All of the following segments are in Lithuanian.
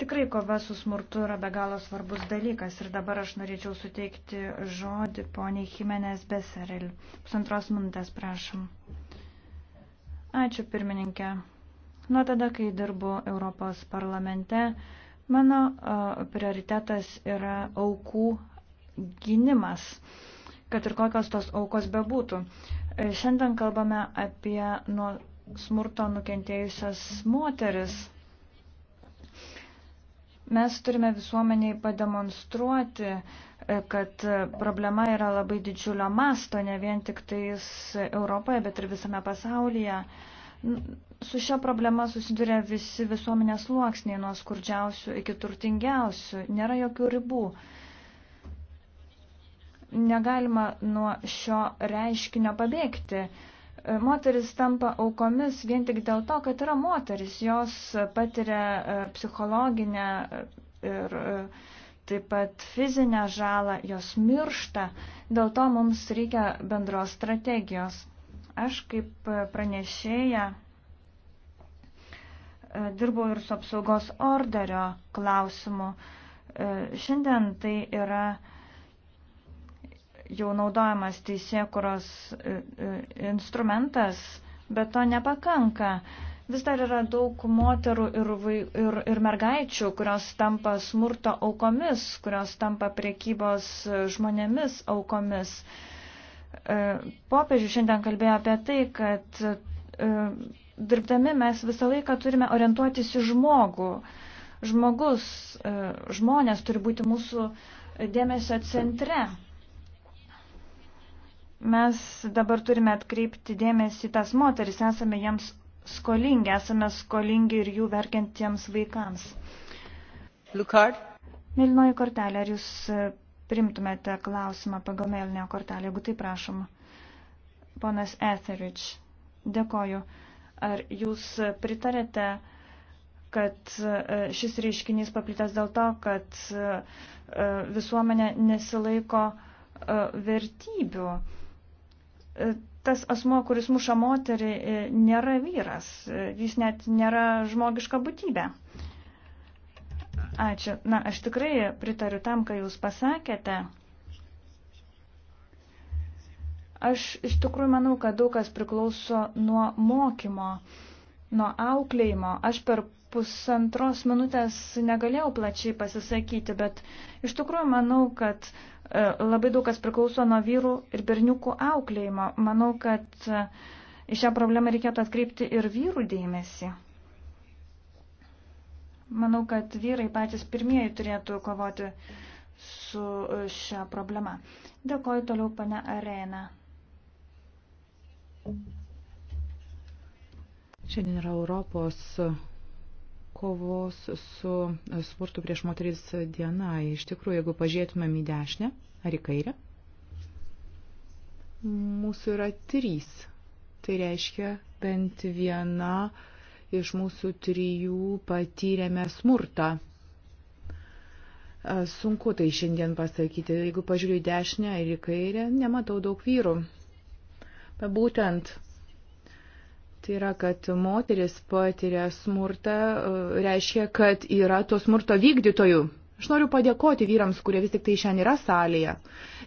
Tikrai kova su smurtu yra be galo svarbus dalykas ir dabar aš norėčiau suteikti žodį poniai Jimenez Beserel. Pusantros minutės prašom. Ačiū pirmininkė. Nuo tada, kai dirbu Europos parlamente, mano prioritetas yra aukų gynimas, kad ir kokios tos aukos bebūtų. E, šiandien kalbame apie nuo smurto nukentėjusias moteris Mes turime visuomeniai pademonstruoti, e, kad problema yra labai didžiulio masto, ne vien tik tais Europoje, bet ir visame pasaulyje. Su šia problema susiduria visi visuomenės sluoksniai, nuo skurdžiausių iki turtingiausių. Nėra jokių ribų. Negalima nuo šio reiškinio pabėgti moteris tampa aukomis vien tik dėl to, kad yra moteris, jos patiria e, psichologinę e, ir e, taip pat fizinę žalą, jos miršta, dėl to mums reikia bendros strategijos. Aš kaip pranešėja dirbau ir su apsaugos orderio klausimu. Šiandien tai yra jau naudojamas teisėkuros e, e, instrumentas, bet to nepakanka. Vis dar yra daug moterų ir, ir, ir mergaičių, kurios tampa smurto aukomis, kurios tampa priekybos žmonėmis aukomis. E, Popiežių šiandien kalbėjo apie tai, kad dirbdami mes visą laiką turime orientuotis į žmogų. Žmogus, žmonės turi būti mūsų dėmesio centre. Mes dabar turime atkreipti dėmesį tas moteris, esame jiems skolingi, esame skolingi ir jų verkiantiems vaikams. Liukard. Milinoji kortelė, ar jūs e, primtumėte klausimą pagal mėlynę kortelę, jeigu tai prašoma? Ponas Etheridge, dėkoju. Ar jūs pritarėte, kad e, šis reiškinys paplitęs dėl to, kad e, visuomenė nesilaiko vertybių? E, tas asmo, kuris muša moterį, e, nėra vyras, e, jis net nėra žmogiška būtybė. Ačiū. Na, aš tikrai pritariu tam, ką jūs pasakėte. Aš iš tikrųjų manau, kad daug kas priklauso nuo mokymo, nuo auklėjimo. Aš per pusantros minutės negalėjau plačiai pasisakyti, bet iš tikrųjų manau, kad e, labai daug kas priklauso nuo vyrų ir berniukų auklėjimo. Manau, kad e, į šią problemą reikėtų atkreipti ir vyrų dėmesį. Manau, kad vyrai patys pirmieji turėtų kovoti su e, šią problemą. Dėkoju toliau, pane Arena. Šiandien yra Europos kovos su smurtu prieš moteris diena. Iš tikrųjų, jeigu pažiūrėtumėm į dešinę ar į kairę, mūsų yra trys. Tai reiškia, bent viena iš mūsų trijų patyrėme smurtą. Sunku tai šiandien pasakyti. Jeigu pažiūriu į dešinę ir į kairę, nematau daug vyrų. Bet būtent yra, kad moteris patiria smurtą, e, reiškia, kad yra to smurto vykdytojų. Aš noriu padėkoti vyrams, kurie vis tik tai šiandien yra salėje.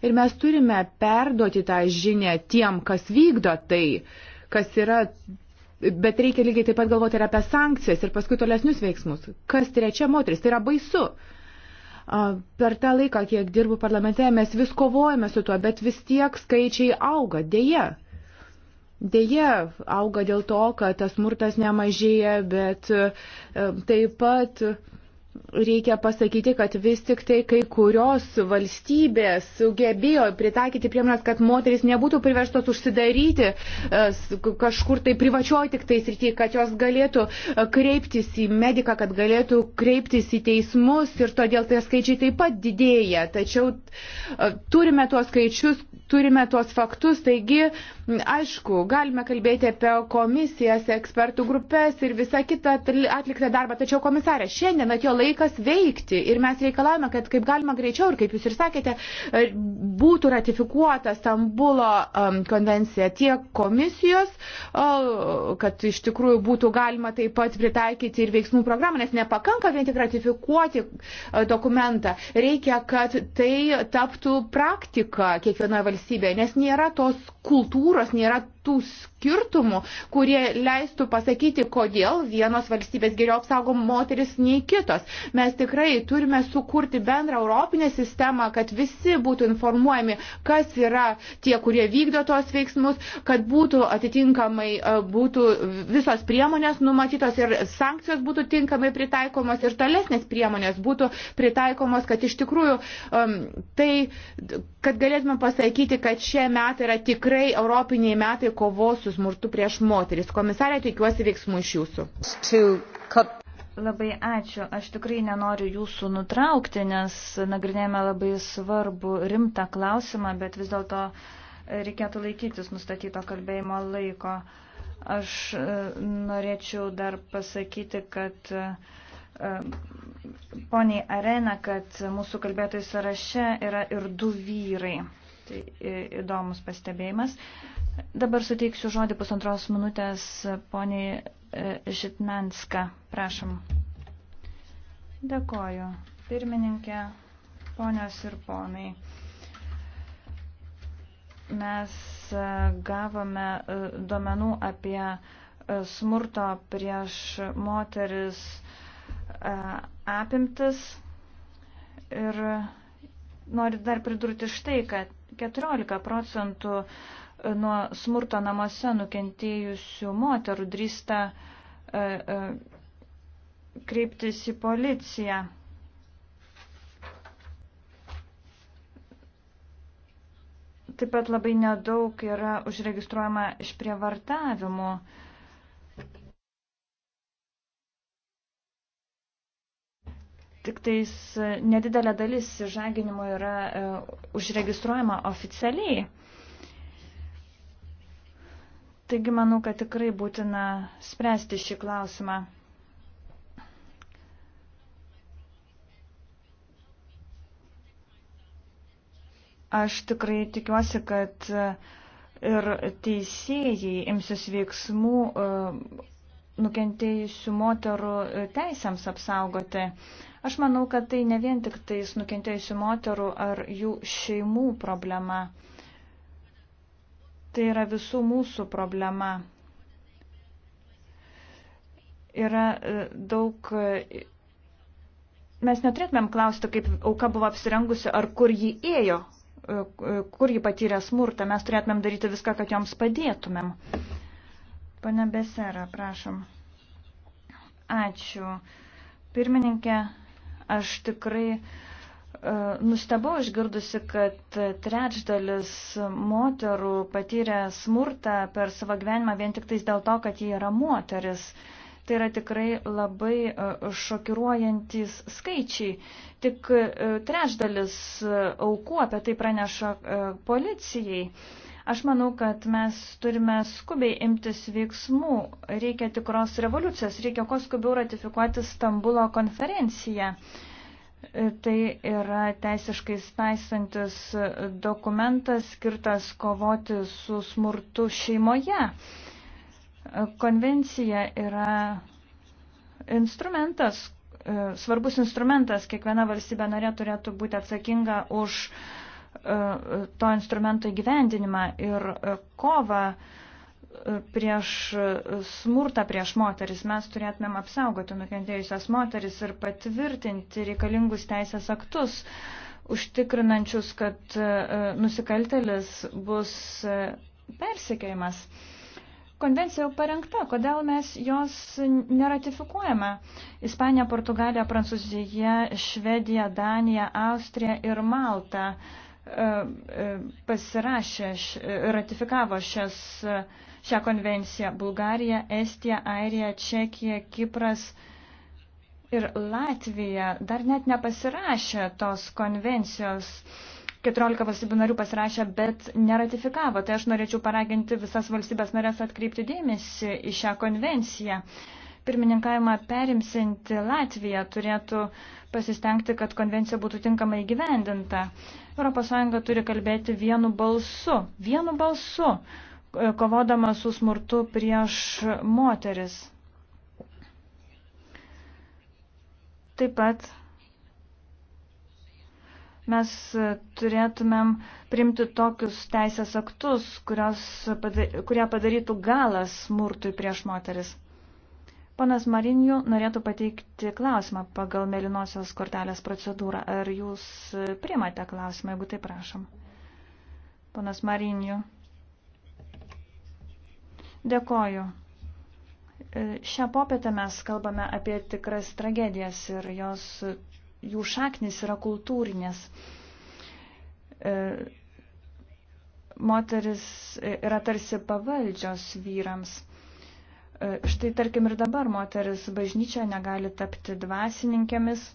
Ir mes turime perduoti tą žinę tiem, kas vykdo tai, kas yra Bet reikia lygiai taip pat galvoti ir apie sankcijas ir paskui tolesnius veiksmus. Kas trečia moteris? Tai yra baisu. Per tą laiką, kiek dirbu parlamente, mes vis kovojame su tuo, bet vis tiek skaičiai auga, dėje dėje auga dėl to, kad tas smurtas nemažėja, bet e, taip pat reikia pasakyti, kad vis tik tai kai kurios valstybės sugebėjo pritaikyti priemonės, kad moteris nebūtų priverstos užsidaryti e, kažkur tai privačioj tik tai srityje, kad jos galėtų e, kreiptis į mediką, kad galėtų kreiptis į teismus ir todėl tie skaičiai taip pat didėja. Tačiau turime tuos skaičius, turime tuos faktus, taigi Aišku, galime kalbėti apie komisijas, ekspertų grupės ir visą kitą atliktą darbą, tačiau komisarė, šiandien atėjo laikas veikti ir mes reikalavome, kad kaip galima greičiau ir kaip jūs ir sakėte, e, būtų ratifikuota Stambulo konvencija tiek komisijos, kad iš tikrųjų būtų galima taip pat pritaikyti ir veiksmų programą, nes nepakanka vien tik ratifikuoti e, dokumentą, reikia, kad tai taptų praktika kiekvienoje valstybėje, nes nėra tos kultūros kultūros nėra tų skirtumų skirtumų, kurie leistų pasakyti, kodėl vienos valstybės geriau apsaugo moteris nei kitos. Mes tikrai turime sukurti bendrą europinę sistemą, kad visi būtų informuojami, kas yra tie, kurie vykdo tos veiksmus, kad būtų atitinkamai e, būtų visos priemonės numatytos ir sankcijos būtų tinkamai pritaikomos ir tolesnės priemonės būtų pritaikomos, kad iš tikrųjų um, tai, kad galėtume pasakyti, kad šie metai yra tikrai europiniai metai kovos su su smurtu prieš moteris. Komisarė, tikiuosi veiksmų iš jūsų. Labai ačiū. Aš tikrai nenoriu jūsų nutraukti, nes nagrinėjame labai svarbu rimtą klausimą, bet vis dėlto e, reikėtų laikytis nustatyto kalbėjimo laiko. Aš e, norėčiau dar pasakyti, kad e, poniai Arena, kad mūsų kalbėtojų sąraše yra ir du vyrai. Tai įdomus pastebėjimas. Dabar suteiksiu žodį pusantros minutės poniai e, Žitmenska. Prašom. Dėkoju. Pirmininkė, ponios ir ponai. Mes e, gavome e, duomenų apie smurto prieš moteris apimtis ir noriu dar pridurti štai, kad 14 procentų uh, nuo smurto namuose nukentėjusių moterų drįsta e, e, kreiptis į policiją. Taip pat labai nedaug yra užregistruojama išprievartavimų. Tik tais nedidelė dalis žaginimo yra e, užregistruojama oficialiai. Taigi manau, kad tikrai būtina spręsti šį klausimą. Aš tikrai tikiuosi, kad ir teisėjai imsis veiksmų e, nukentėjusių moterų teisėms apsaugoti. Aš manau, kad tai ne vien tik tais nukentėjusių moterų ar jų šeimų problema. Tai yra visų mūsų problema. Yra e, daug. E, mes neturėtumėm klausti, kaip auka buvo apsirengusi ar kur ji ėjo, e, kur ji patyrė smurtą. Mes turėtumėm daryti viską, kad joms padėtumėm. Pane Besera, prašom. Ačiū. Pirmininkė, aš tikrai Nustebau išgirdusi, kad trečdalis moterų patyrė smurtą per savo gyvenimą vien tik tais dėl to, kad jie yra moteris. Tai yra tikrai labai e, šokiruojantis skaičiai. Tik e, trečdalis e, aukų apie tai praneša policijai. Aš manau, kad mes turime skubiai imtis veiksmų. Reikia tikros revoliucijos, reikia kuo skubiau ratifikuoti Stambulo konferenciją. Tai yra teisiškai staisantis dokumentas skirtas kovoti su smurtu šeimoje. Konvencija yra instrumentas, e, svarbus instrumentas, kiekviena valstybė narė turėtų būti atsakinga už e, to instrumento įgyvendinimą ir e, kovą prieš smurtą prieš moteris. Mes turėtumėm apsaugoti nukentėjusias moteris ir patvirtinti reikalingus teisės aktus, užtikrinančius, kad e, nusikaltelis bus e, persikėjimas. Konvencija jau parengta, kodėl mes jos neratifikuojame? Ispanija, Portugalija, Prancūzija, Švedija, Danija, Austrija ir Malta e, pasirašė, ratifikavo šias šią konvenciją. Bulgarija, Estija, Airija, Čekija, Kipras ir Latvija dar net nepasirašė tos konvencijos. 14 valstybių narių pasirašė, bet neratifikavo. Tai aš norėčiau paraginti visas valstybės narės atkreipti dėmesį į šią konvenciją. Pirmininkavimą perimsinti Latvija turėtų pasistengti, kad konvencija būtų tinkamai gyvendinta. ES turi kalbėti vienu balsu. Vienu balsu kovodama su smurtu prieš moteris. Taip pat mes turėtumėm primti tokius teisės aktus, kurios, kurie padarytų galą smurtui prieš moteris. Ponas Marinijų norėtų pateikti klausimą pagal melinosios kortelės procedūrą. Ar jūs priimate klausimą, jeigu tai prašom? Ponas Marinijų. Dėkoju. E, šią popietę mes kalbame apie tikras tragedijas ir jos, jų šaknis yra kultūrinės. E, moteris yra tarsi pavaldžios vyrams. E, štai tarkim ir dabar moteris bažnyčioje negali tapti dvasininkėmis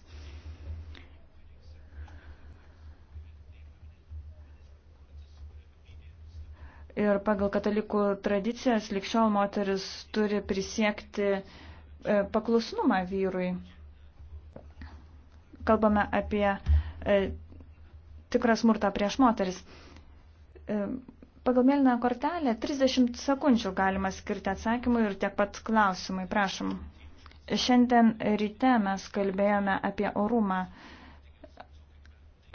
Ir pagal katalikų tradicijas likščiol moteris turi prisiekti e, paklusnumą vyrui. Kalbame apie e, tikrą smurtą prieš moteris. E, pagal mėlyną kortelę 30 sekundžių galima skirti atsakymui ir tiek pat klausimai. Prašom. Šiandien ryte mes kalbėjome apie orumą,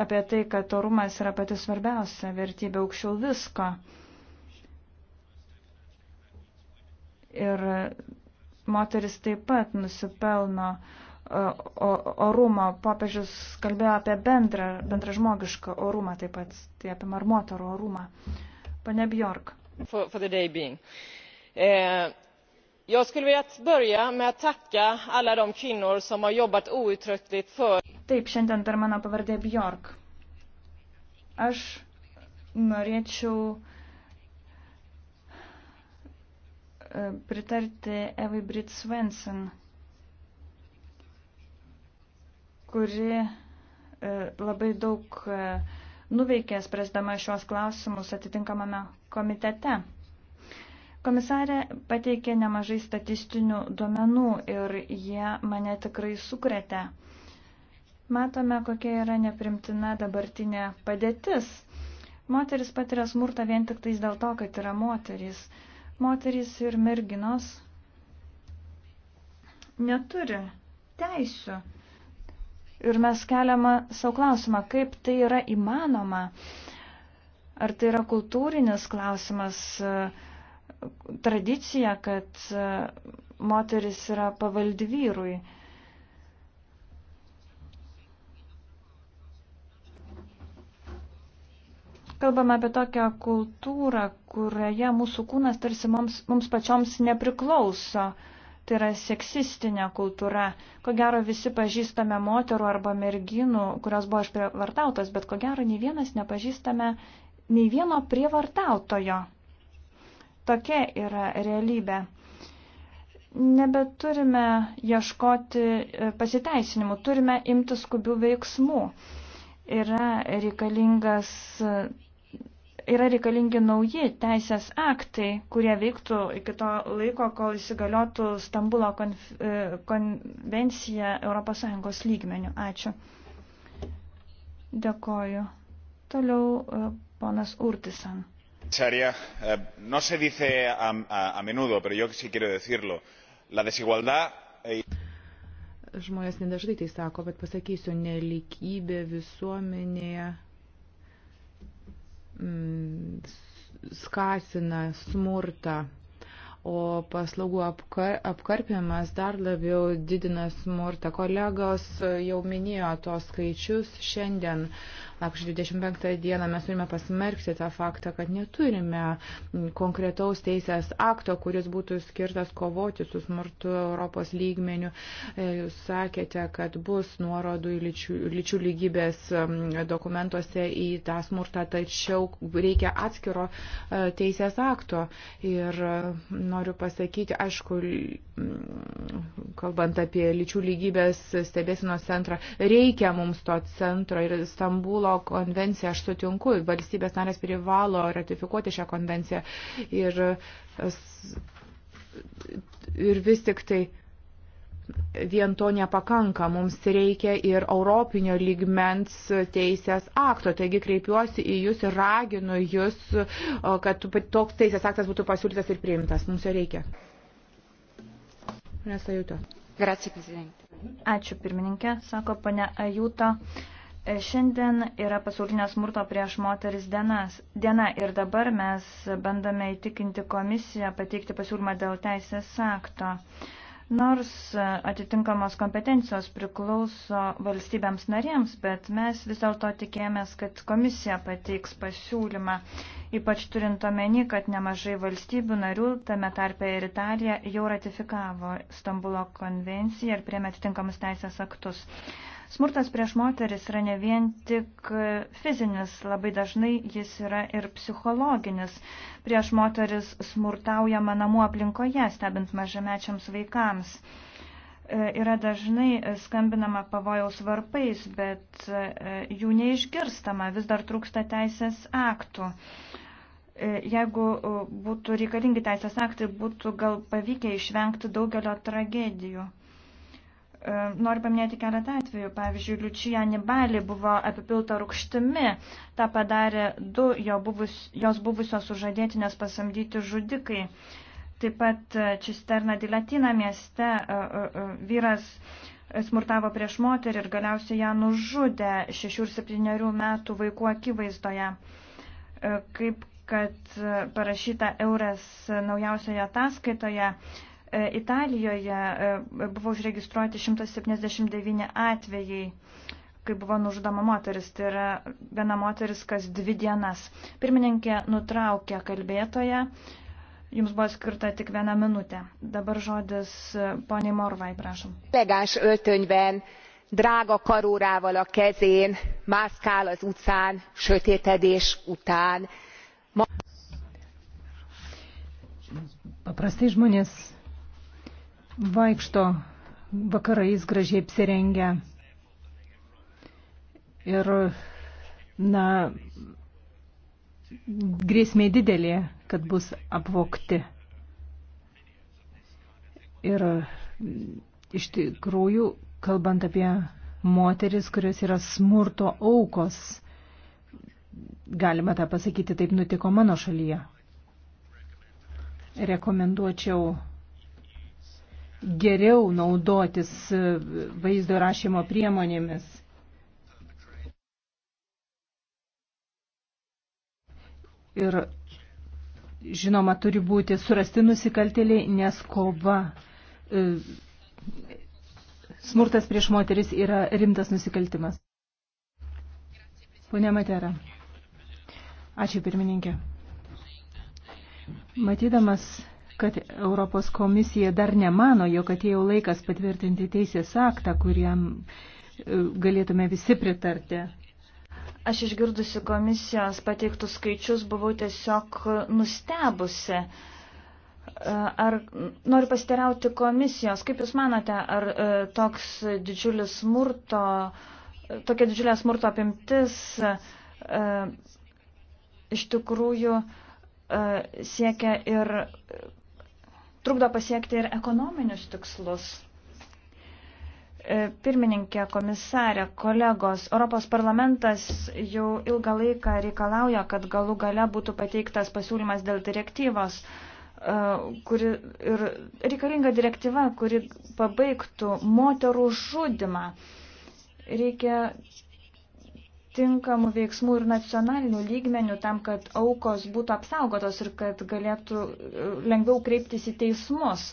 apie tai, kad orumas yra pati svarbiausia vertybė aukščiau visko. Ir moteris taip pat nusipelno e, orumo. Popežius kalbėjo apie bendrą, bendrą žmogišką orumą taip pat, tai apima ir moterų orumą. Pane Bjork. For, for the day being. Eh, jag skulle vilja börja med att tacka alla de kvinnor som har jobbat outtröttligt för... Taip, šiandien per mano pavardę Bjork. Aš norėčiau E, pritarti Evai Brit Svensson, kuri e, labai daug e, nuveikė spręsdama šios klausimus atitinkamame komitete. Komisarė pateikė nemažai statistinių duomenų ir jie mane tikrai sukretė. Matome, kokia yra neprimtina dabartinė padėtis. Moteris patiria smurtą vien tik tais dėl to, kad yra moteris. Uh, Moterys ir merginos neturi teisių. Ir mes keliame savo klausimą, kaip tai yra įmanoma. Ar tai yra kultūrinis klausimas, tradicija, kad moteris yra pavaldi vyrui. Kalbame apie tokią kultūrą, kurioje mūsų kūnas tarsi mums, mums pačioms nepriklauso. Tai yra seksistinė kultūra. Ko gero visi pažįstame moterų arba merginų, kurios buvo išprievartautos, bet ko gero nei vienas nepažįstame nei vieno prievartautojo. Tokia yra realybė. Nebeturime ieškoti e, pasiteisinimų, turime imti skubių veiksmų. Yra reikalingas yra reikalingi nauji teisės aktai, kurie veiktų iki to laiko, kol įsigaliotų Stambulo e, konvencija ES lygmenių. Ačiū. Dėkoju. Toliau e, ponas Urtisan. Comisaria, eh, no se dice a, a, a menudo, pero yo sí quiero decirlo. La desigualdad. Eh, Žmonės nedažnai tai sako, bet pasakysiu, nelikybė visuomenėje Mm, skatina smurtą, o paslaugų apkar, apkarpimas dar labiau didina smurtą. Kolegos jau minėjo tos skaičius šiandien. Lapkričio 25 dieną mes turime pasmerkti tą faktą, kad neturime konkretaus teisės akto, kuris būtų skirtas kovoti su smurtu Europos lygmeniu. E, jūs sakėte, kad bus nuorodų į lyčių, lyčių lygybės dokumentuose į tą smurtą, tačiau reikia atskiro e, teisės akto. Ir e, noriu pasakyti, aišku, kalbant apie lyčių lygybės stebėsinos centrą, reikia mums to centro ir Stambulo Stambulo konvenciją aš sutinku, valstybės narės privalo ratifikuoti šią konvenciją. Ir, ir vis tik tai vien to nepakanka, mums reikia ir Europinio lygmens teisės akto. Taigi kreipiuosi į Jūs ir raginu Jūs, kad toks teisės aktas būtų pasiūlytas ir priimtas. Mums jo reikia. Nesajuto. Grazie, prezidentė. Ačiū pirmininkė, sako pane Ajuto. Šiandien yra pasaulinė smurto prieš moteris dienas, diena ir dabar mes bandome įtikinti komisiją pateikti pasiūlymą dėl teisės akto. Nors atitinkamos kompetencijos priklauso valstybėms narėms, bet mes vis dėlto tikėjomės, kad komisija pateiks pasiūlymą, ypač turint omeny, kad nemažai valstybių narių, tame tarpe ir Italija, jau ratifikavo Stambulo konvenciją ir priemė atitinkamus teisės aktus. Smurtas prieš moteris yra ne vien tik fizinis, labai dažnai jis yra ir psichologinis. Prieš moteris smurtaujama namų aplinkoje, stebint mažamečiams vaikams. E, yra dažnai skambinama pavojaus varpais, bet e, jų neišgirstama, vis dar trūksta teisės aktų e, jeigu būtų reikalingi teisės aktai, būtų gal pavykę išvengti daugelio tragedijų. Ehm, noriu paminėti keletą atvejų. Pavyzdžiui, Liučija Nibali buvo apipilta rūkštimi. Ta padarė du jo buvus, jos buvusios sužadėtinės pasamdyti žudikai. Taip pat Čisterna e, Dilatina mieste e, e, vyras smurtavo prieš moterį ir galiausiai ją nužudė 6 ir 7 metų vaikų akivaizdoje. Kaip kad parašyta Eures naujausioje ataskaitoje, E, Italijoje e, buvo užregistruoti 179 atvejai, kai buvo nužudoma moteris. Tai yra viena moteris kas dvi dienas. Pirmininkė nutraukė kalbėtoje. Jums buvo skirta tik viena minutė. Dabar žodis e, poniai Morvai, prašom. Legáns öltönyben, drága karórával a kezén, mászkál az utcán, sötétedés után. Ma... Paprastai žmonės vaikšto vakarais gražiai apsirengę. Ir, na, grėsmė didelė, kad bus apvokti. Ir iš tikrųjų, kalbant apie moteris, kurios yra smurto aukos, galima tą pasakyti, taip nutiko mano šalyje. Rekomenduočiau geriau naudotis vaizdo rašymo priemonėmis. Ir žinoma, turi būti surasti nusikaltėliai, nes kova e, smurtas prieš moteris yra rimtas nusikaltimas. Pone Matera. Ačiū pirmininkė. Matydamas kad Europos komisija dar nemano, jog atėjo laikas patvirtinti teisės aktą, kuriam e, galėtume visi pritarti. Aš išgirdusi komisijos pateiktus skaičius buvau tiesiog nustebusi. E, ar noriu pasiterauti komisijos, kaip Jūs manote, ar e, toks didžiulis smurto, tokia didžiulė smurto apimtis iš tikrųjų siekia ir trukdo pasiekti ir ekonominius tikslus. E, pirmininkė, komisarė, kolegos, Europos parlamentas jau ilgą laiką reikalauja, kad galų gale būtų pateiktas pasiūlymas dėl direktyvos e, kuri ir reikalinga direktyva, kuri pabaigtų moterų žudimą. Reikia tinkamų veiksmų ir nacionalinių lygmenių tam, kad aukos būtų apsaugotos ir kad galėtų e, lengviau kreiptis į teismus.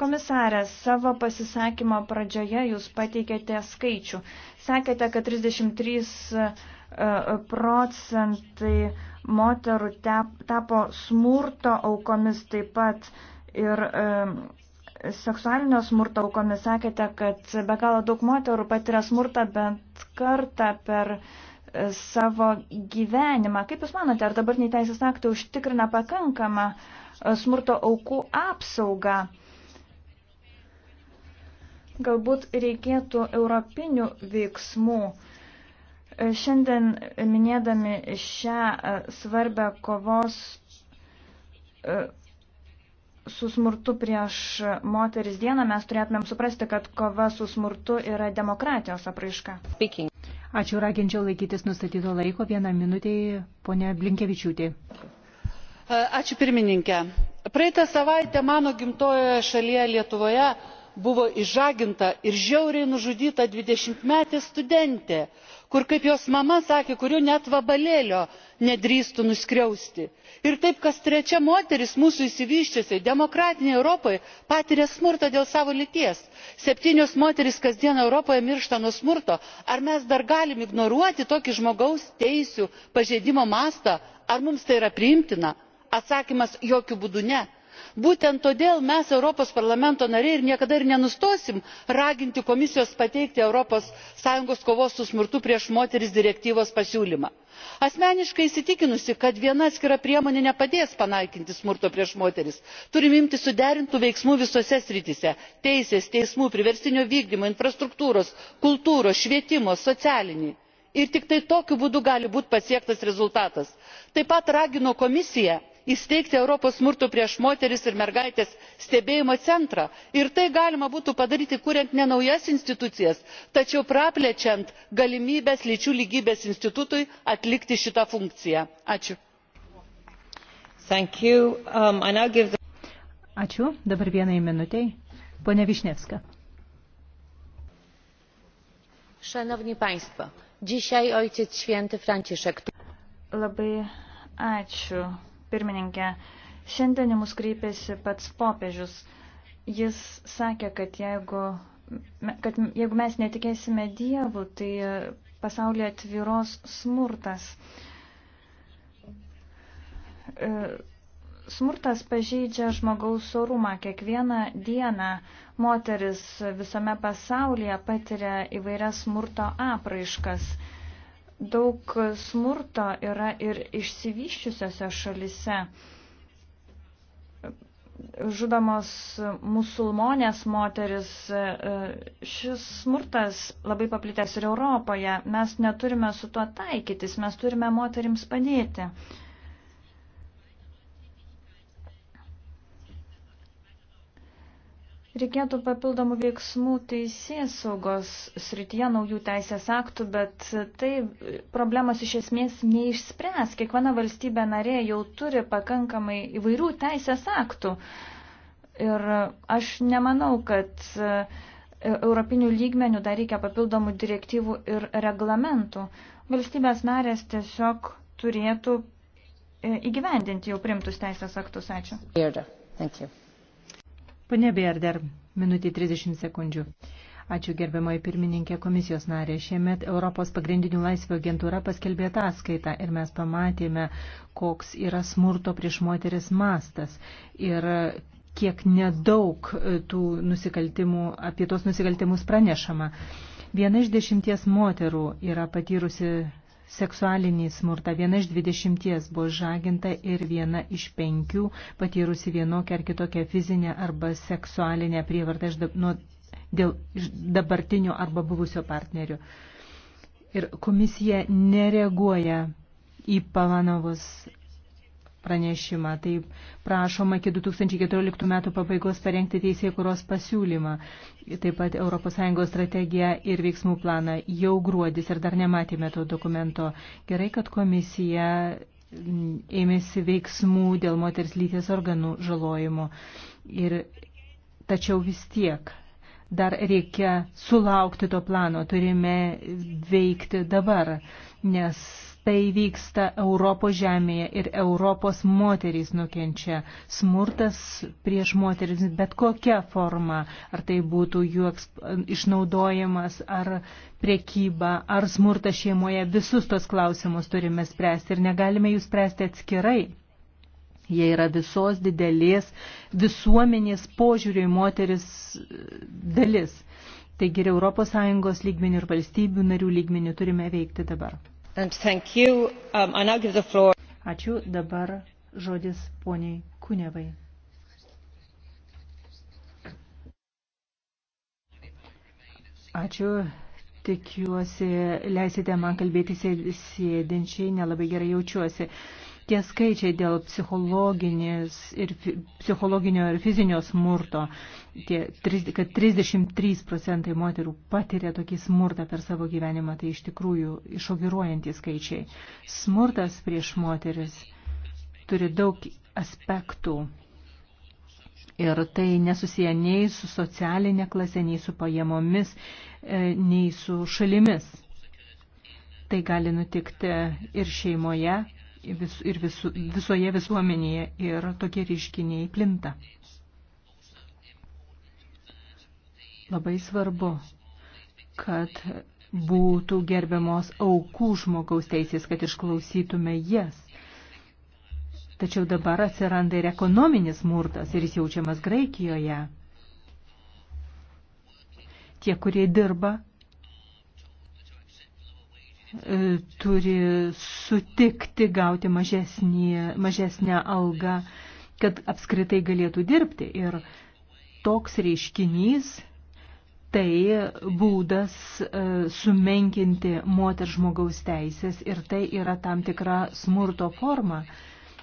Komisarė, savo pasisakymo pradžioje jūs pateikėte skaičių. Sakėte, kad 33 e, e, procentai moterų tapo smurto aukomis taip pat ir seksualinio smurto aukomis sakėte, kad be galo daug moterų patiria smurtą bent kartą per savo gyvenimą. Kaip Jūs manote, ar dabartiniai teisės aktai užtikrina pakankamą e, smurto aukų apsaugą? Galbūt reikėtų europinių veiksmų. E, šiandien minėdami šią e, svarbę kovos su smurtu prieš moteris dieną, mes turėtumėm suprasti, kad kova su smurtu yra demokratijos apraiška. Speaking. Ačiū, raginčiau laikytis nustatyto laiko vieną minutę, ponia Blinkevičiūtė. E, ačiū pirmininkė. Praeitą savaitę mano gimtojoje šalyje Lietuvoje buvo išžaginta ir žiauriai nužudyta dvidešimtmetė studentė kur kaip jos mama sakė kurių net vabalėlio nedrįstų nuskriausti. ir taip kas trečia moteris mūsų išsivysčiusioje demokratinėje europoje patiria smurtą dėl savo lyties septynios moterys kasdien europoje miršta nuo smurto ar mes dar galime ignoruoti tokį žmogaus teisių pažeidimo mastą ar mums tai yra priimtina? atsakymas jokiu būdu ne būtent todėl mes europos parlamento nariai ir niekada ir nenustosime raginti komisijos pateikti europos sąjungos kovos su smurtu prieš moteris direktyvos pasiūlymą. asmeniškai įsitikinusi kad viena atskira priemonė nepadės panaikinti smurto prieš moteris turime imtis suderintų veiksmų visose srityse teisės teismų priverstinio vykdymo infrastruktūros kultūros švietimo socialinių ir tik tai tokiu būdu gali būti pasiektas rezultatas. taip pat raginu komisiją įsteigti europos smurto prieš moteris ir mergaites stebėjimo centrą ir tai galima būtų padaryti kuriant ne naujas institucijas tačiau praplečiant galimybes lyčių lygybės institutui atlikti šitą funkciją. ačiū. Um, dabar vienai minutei ponia wiśniewska. szanowni państwo! dzisiaj ojciec święty franciszek. labai ačiū pirmininkė. Šiandien į mus kreipėsi pats popiežius. Jis sakė, kad jeigu, kad jeigu mes netikėsime Dievu, tai pasaulyje atviros smurtas. E, smurtas pažeidžia žmogaus orumą. Kiekvieną dieną moteris visame pasaulyje patiria įvairias smurto apraiškas daug smurto yra ir išsivyščiusiose šalise. Žudomos musulmonės moteris, šis smurtas labai paplitęs ir Europoje. Mes neturime su tuo taikytis, mes turime moterims padėti. Reikėtų papildomų veiksmų teisės saugos srityje, naujų teisės aktų, bet tai problemos iš esmės neišspręs. Kiekviena valstybė narė jau turi pakankamai įvairių teisės aktų. Ir aš nemanau, kad e, europinių lygmenių dar reikia papildomų direktyvų ir reglamentų. Valstybės narės tiesiog turėtų e, įgyvendinti jau primtus teisės aktus. Ačiū. Thank you. Pane Berder, minutė 30 sekundžių. Ačiū gerbiamoji pirmininkė komisijos narė. Šiemet Europos pagrindinių laisvių agentūra paskelbė ataskaitą ir mes pamatėme, koks yra smurto prieš moteris mastas. Ir kiek nedaug tų nusikaltimų, apie tos nusikaltimus pranešama. Viena iš dešimties moterų yra patyrusi seksualinį smurtą. Viena iš dvidešimties buvo žaginta ir viena iš penkių patyrusi vienokią ar kitokią fizinę arba seksualinę prievartą nuo, dėl dabartinio arba buvusio partnerio. Ir komisija nereaguoja į Pavanovos pranešimą. Taip prašoma iki 2014 metų pabaigos parengti teisėkuros pasiūlymą, taip pat ES strategiją ir veiksmų planą jau gruodis ir dar nematėme to dokumento. Gerai, kad komisija ėmėsi veiksmų dėl moters lyties organų žalojimo. Ir, tačiau vis tiek dar reikia sulaukti to plano, turime veikti dabar, nes tai vyksta Europos žemėje ir Europos moterys nukenčia. Smurtas prieš moteris, bet kokia forma, ar tai būtų jų išnaudojimas, ar priekyba, ar smurtas šeimoje, visus tos klausimus turime spręsti ir negalime jų spręsti atskirai. Jie yra visos didelės visuomenės požiūriui moteris e, dalis. Taigi ir ES lygmenių ir valstybių narių lygmenių turime veikti dabar. Um, Ačiū dabar žodis poniai Kunevai. Ačiū. Tikiuosi, leisite man kalbėti sėdinčiai, nelabai gerai jaučiuosi. Uh, Tie skaičiai dėl ir, psichologinio ir fizinio smurto, tie, kad 33 procentai moterų patiria tokį smurtą per savo gyvenimą, tai iš tikrųjų išogiruojantys skaičiai. Smurtas prieš moteris turi daug aspektų. Ir tai nesusiję nei su socialinė klasė, nei su pajamomis, e, nei su šalimis. Tai gali nutikti ir šeimoje, vis, ir visu, visoje visuomenėje ir tokie reiškiniai plinta. Labai svarbu, kad būtų gerbiamos aukų žmogaus teisės, kad išklausytume jas. Tačiau dabar atsiranda ir ekonominis smurtas ir jis jaučiamas Graikijoje. Tie, kurie dirba, E, turi sutikti gauti mažesnį, mažesnę algą, kad apskritai galėtų dirbti. Ir toks reiškinys tai būdas e, sumenkinti moter žmogaus teisės ir tai yra tam tikra smurto forma.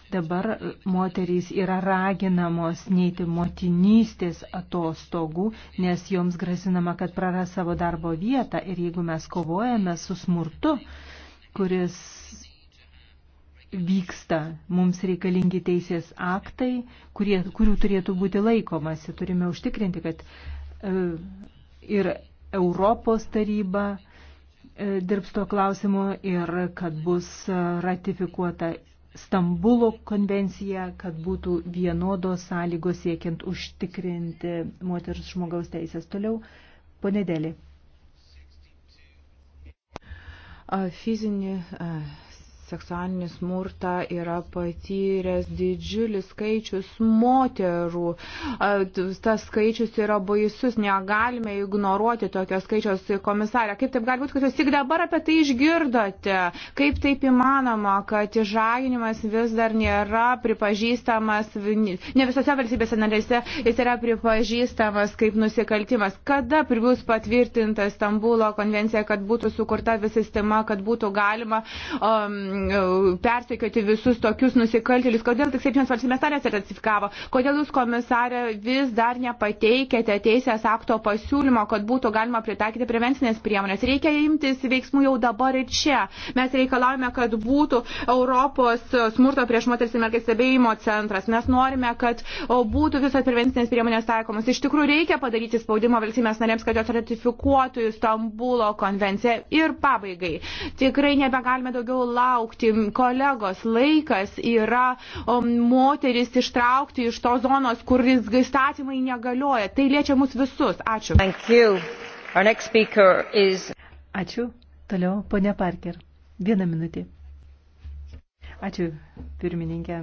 Dabar moterys yra raginamos neiti motinystės atostogų, nes joms grasinama, kad praras savo darbo vietą. Ir jeigu mes kovojame su smurtu, kuris vyksta, mums reikalingi teisės aktai, kurie, kurių turėtų būti laikomasi. Turime užtikrinti, kad e, ir Europos taryba e, dirbs tuo klausimu ir kad bus ratifikuota Stambulo konvenciją, kad būtų vienodos sąlygos siekiant užtikrinti moters žmogaus teisės. Toliau, ponedėlį. Fizinį seksualinį smurtą yra patyręs didžiulis skaičius moterų. Tas skaičius yra baisus, negalime ignoruoti tokios skaičios komisarė. Kaip taip gali būti, kad jūs tik dabar apie tai išgirdote? Kaip taip įmanoma, kad išraginimas vis dar nėra pripažįstamas, ne visose valstybėse narėse jis yra pripažįstamas kaip nusikaltimas? Kada bus patvirtinta Stambulo konvencija, kad būtų sukurta visa sistema, kad būtų galima um, persekioti visus tokius nusikaltėlius? Kodėl tik septynios valstybės narės tai ratifikavo? Kodėl jūs, komisarė, vis dar nepateikėte teisės akto pasiūlymo, kad būtų galima pritaikyti prevencinės priemonės? Reikia imtis veiksmų jau dabar ir čia. Mes reikalavome, kad būtų Europos smurto prieš moteris ir mergais stebėjimo centras. Mes norime, kad būtų visos prevencinės priemonės taikomos. Iš tikrųjų, reikia padaryti spaudimą valstybės narėms, kad jos ratifikuotų Stambulo konvenciją. Ir pabaigai, tikrai nebegalime daugiau laukti traukti. Kolegos, laikas yra moteris ištraukti iš to zonos, kur įstatymai negalioja. Tai liečia mus visus. Ačiū. Is... Ačiū. Toliau, ponia Parker. Vieną minutį. Ačiū, pirmininkė.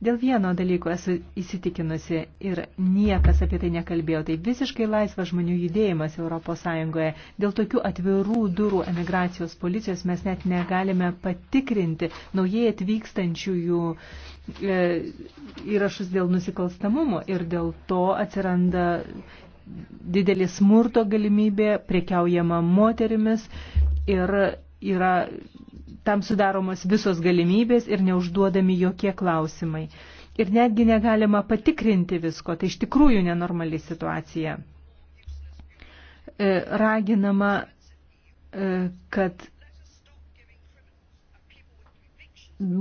Dėl vieno dalyko esu įsitikinusi ir niekas apie tai nekalbėjo, tai visiškai laisvas žmonių judėjimas Europos Sąjungoje. Dėl tokių atvirų durų emigracijos policijos mes net negalime patikrinti naujai atvykstančiųjų e, įrašus dėl nusikalstamumo ir dėl to atsiranda didelė smurto galimybė, prekiaujama moterimis ir yra tam sudaromos visos galimybės ir neužduodami jokie klausimai. Ir netgi negalima patikrinti visko, tai iš tikrųjų nenormali situacija. E, raginama, e, kad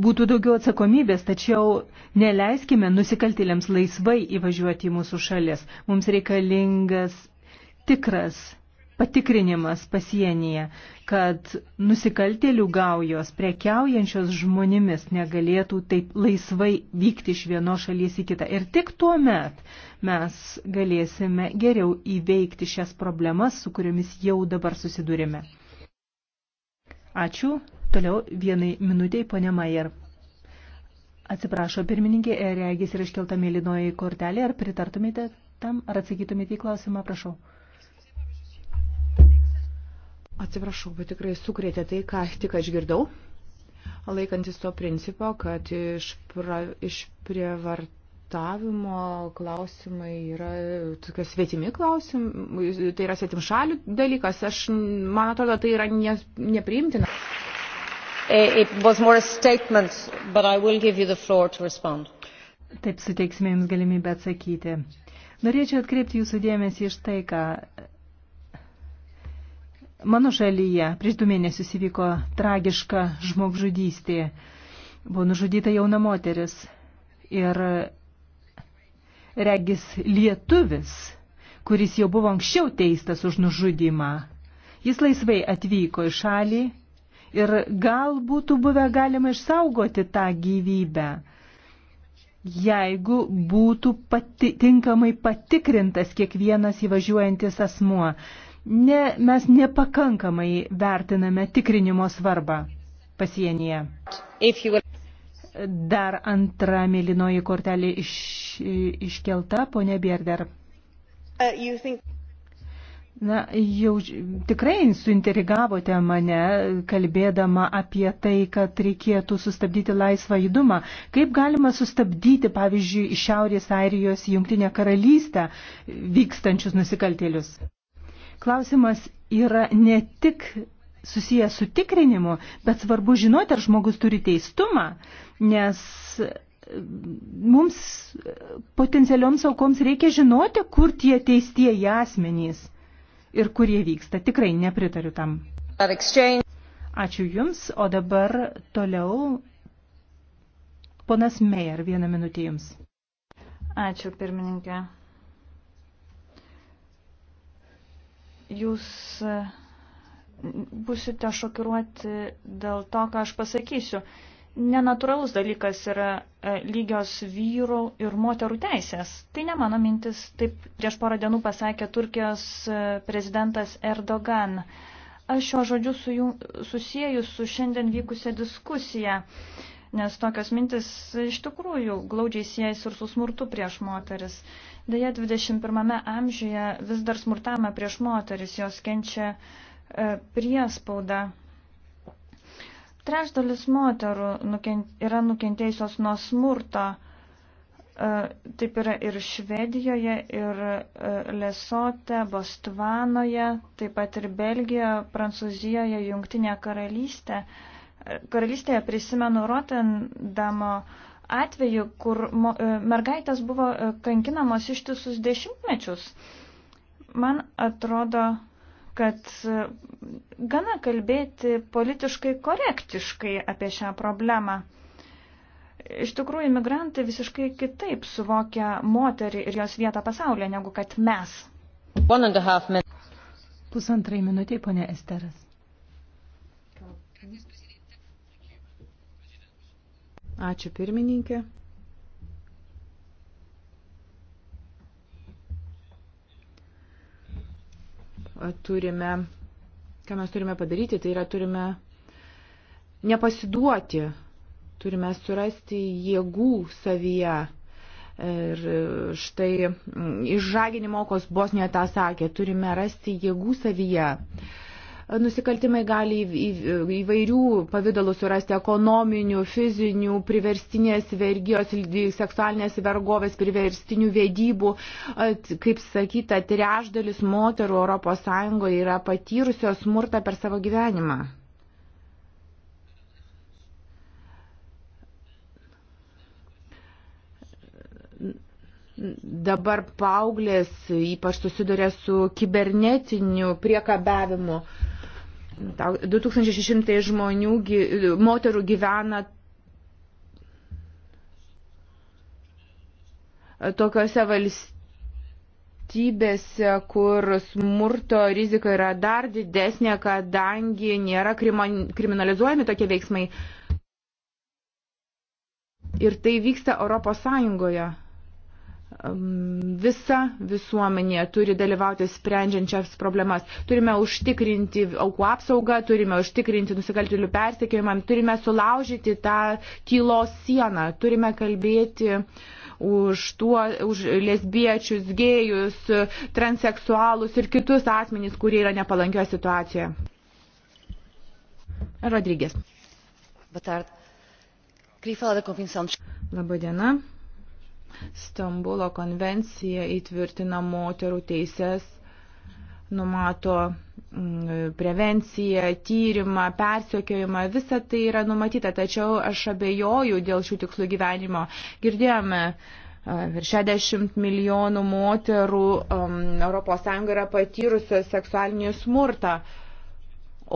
būtų daugiau atsakomybės, tačiau neleiskime nusikaltėliams laisvai įvažiuoti į mūsų šalis. Mums reikalingas tikras patikrinimas pasienyje, kad nusikaltėlių gaujos prekiaujančios žmonėmis negalėtų taip laisvai vykti iš vienos šalies į kitą. Ir tik tuo met mes galėsime geriau įveikti šias problemas, su kuriomis jau dabar susidurime. Ačiū. Toliau vienai minutiai, ponia Majer. Atsiprašo pirmininkė, regis ir iškelta mėlynoji kortelė. Ar pritartumėte tam, ar atsakytumėte į klausimą, prašau. Atsiprašau, bet tikrai sukrėtė tai, ką tik išgirdau, laikantis to principo, kad iš, pra, iš prievart adaptavimo klausimai yra tokie svetimi klausimai, tai yra svetim šalių dalykas, aš, man atrodo, tai yra ne, nepriimtina. E, e, Taip suteiksime Jums galimybę atsakyti. Norėčiau atkreipti Jūsų dėmesį iš tai, ką Mano šalyje prieš du mėnesius įvyko tragiška žmogžudystė. Buvo nužudyta jauna moteris ir regis lietuvis, kuris jau buvo anksčiau teistas už nužudymą. Jis laisvai atvyko į šalį ir gal būtų buvę galima išsaugoti tą gyvybę jeigu būtų pati, tinkamai patikrintas kiekvienas įvažiuojantis asmuo ne, mes nepakankamai vertiname tikrinimo svarbą pasienyje. Dar antra mėlynoji kortelė iš, iškelta, ponė Bierder. Uh, Na, jau tikrai suinterigavote mane, kalbėdama apie tai, kad reikėtų sustabdyti laisvą judumą. Kaip galima sustabdyti, pavyzdžiui, iš Šiaurės Airijos jungtinę karalystę vykstančius nusikaltėlius? Klausimas yra ne tik susijęs su tikrinimu, bet svarbu žinoti, ar žmogus turi teistumą, nes e, mums potencialioms aukoms reikia žinoti, kur tie teistieji asmenys ir kur jie vyksta. Tikrai nepritariu tam. Ačiū Jums, o dabar toliau ponas Meijer, vieną minutę Jums. Ačiū pirmininkė. Jūs e, busite šokiruoti dėl to, ką aš pasakysiu. Nenatūralus dalykas yra e, lygios vyrų ir moterų teisės. Tai ne mano mintis, taip prieš porą dienų pasakė Turkijos e, prezidentas Erdogan. Aš šio žodžiu su jų, susijęju su šiandien vykusią diskusiją. Uh, nes tokios mintis iš tikrųjų glaudžiai siejasi ir su smurtu prieš moteris. Deja, 21 amžiuje vis dar smurtama prieš moteris, jos kenčia e, priespaudą. Trečdalis moterų nukent, yra nukentėjusios nuo smurto. E, taip yra ir Švedijoje, ir e, Lesote, Bostvanoje, taip pat ir Belgijoje, Prancūzijoje, Jungtinėje karalystėje karalystėje prisimenu Rotendamo atveju, kur e, mergaitės buvo e, kankinamos ištisus dešimtmečius. Man atrodo, kad e, gana kalbėti politiškai korektiškai apie šią problemą. Iš tikrųjų, imigrantai visiškai kitaip suvokia moterį ir jos vietą pasaulyje, negu kad mes. Pusantrai minutiai, ponė Esteras. Ačiū pirmininkė. Turime, ką mes turime padaryti, tai yra turime nepasiduoti, turime surasti jėgų savyje. Ir štai iš žaginimo, kos Bosnija tą sakė, turime rasti jėgų savyje. Uh, nusikaltimai gali įvairių pavydalų surasti - ekonominių, fizinių, priverstinės vergijos, seksualinės vergovės, priverstinių vedybų. Kaip sakyta, trešdalis moterų ES yra patyrusios smurtą per savo gyvenimą. dabar paauglės ypač susiduria su kibernetiniu priekabiavimu. Uh, 2600 žmonių, moterų gyvena tokiose valstybėse, kur smurto rizika yra dar didesnė, kadangi nėra kriminalizuojami tokie veiksmai. Ir tai vyksta Europos Sąjungoje visa visuomenė turi dalyvauti sprendžiančias problemas. Turime užtikrinti aukų apsaugą, turime užtikrinti nusikaltėlių persekiojimą, turime sulaužyti tą tylos sieną, turime kalbėti už, tuo, už lesbiečius, gėjus, transeksualus ir kitus asmenys, kurie yra nepalankioje situacijoje. Rodrygės. Labą dieną. Stambulo konvencija įtvirtina moterų teises, numato mm, prevenciją, tyrimą, persiokiojimą, visa tai yra numatyta, tačiau aš abejoju dėl šių tikslų gyvenimo. Girdėjome e, Ir 60 milijonų moterų um, mm, ES yra patyrusios seksualinį smurtą,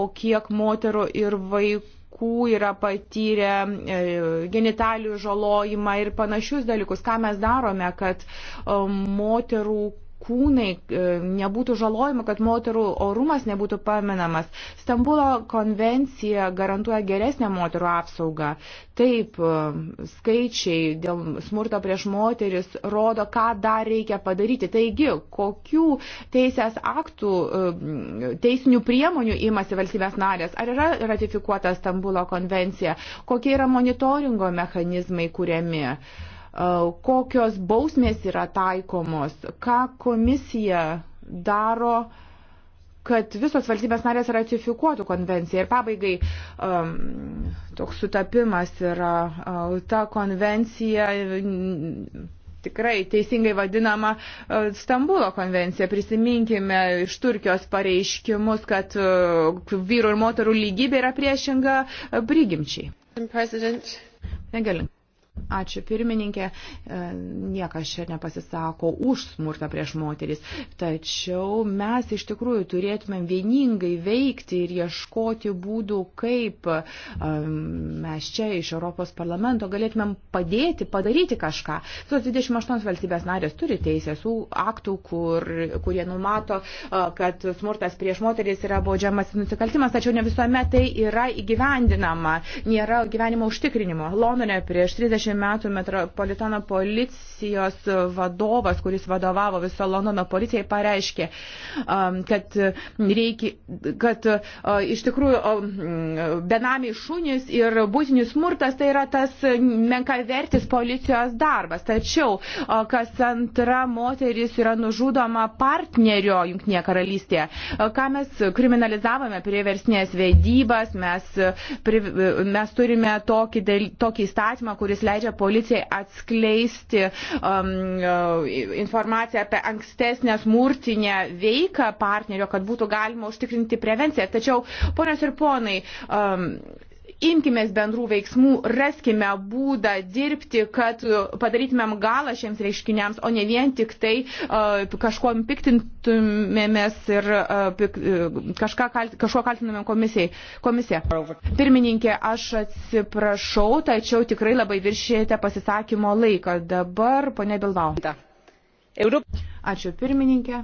o kiek moterų ir vaikų vaikų yra patyrę e, genitalių žalojimą ir panašius dalykus. Ką mes darome, kad e, moterų kūnai e, nebūtų žalojama, kad moterų orumas nebūtų paminamas. Stambulo konvencija garantuoja geresnę moterų apsaugą. Taip, e, skaičiai dėl smurto prieš moteris rodo, ką dar reikia padaryti. Taigi, kokių teisės aktų, e, teisinių priemonių imasi valstybės narės? Ar yra ratifikuota Stambulo konvencija? Kokie yra monitoringo mechanizmai kūrėmi? Uh, E, kokios bausmės yra taikomos, ką komisija daro kad visos valstybės narės ratifikuotų konvenciją. Ir pabaigai um, toks sutapimas yra uh, ta konvencija. Um, tikrai teisingai vadinama e, Stambulo konvencija. Prisiminkime iš Turkijos pareiškimus, kad vyrų ir moterų lygybė yra priešinga prigimčiai. Negalint. Ačiū pirmininkė, e, niekas čia nepasisako už smurtą prieš moteris, tačiau mes iš tikrųjų turėtumėm vieningai veikti ir ieškoti būdų, kaip e, mes čia iš Europos parlamento galėtumėm padėti, padaryti kažką. Su 28 valstybės narės turi teisės aktų, kur, kurie numato, e, kad smurtas prieš moteris yra baudžiamas nusikaltimas, tačiau ne visuomet tai yra įgyvendinama, nėra gyvenimo užtikrinimo. Londone prieš 30 20 metų metropolitano policijos vadovas, kuris vadovavo viso Londono policijai, pareiškė, um, kad, reikia, kad uh, iš tikrųjų um, benamiai šunys ir būtinis smurtas tai yra tas menkavertis policijos darbas. Tačiau uh, kas antra moteris yra nužudoma partnerio Junktinėje karalystėje. Uh, ką mes kriminalizavome prieversnės vedybas, mes, pri, mes turime tokį, tokį įstatymą, kuris leidžia leidžia policijai atskleisti um, uh, informaciją apie ankstesnę smurtinę veiką partnerio, kad būtų galima užtikrinti prevenciją. Tačiau, ponios ir ponai, um, imkime bendrų veiksmų, raskime būdą dirbti, kad e, padarytumėm galą šiems reiškiniams, o ne vien tik tai uh, kažkuom piktintumėmės ir uh, pik, kažką kalt, kažko kaltinumėm komisijai. komisija. Pirmininkė, aš atsiprašau, tačiau tikrai labai viršėjate pasisakymo laiką. Dabar, ponia Bilbao. Ačiū pirmininkė.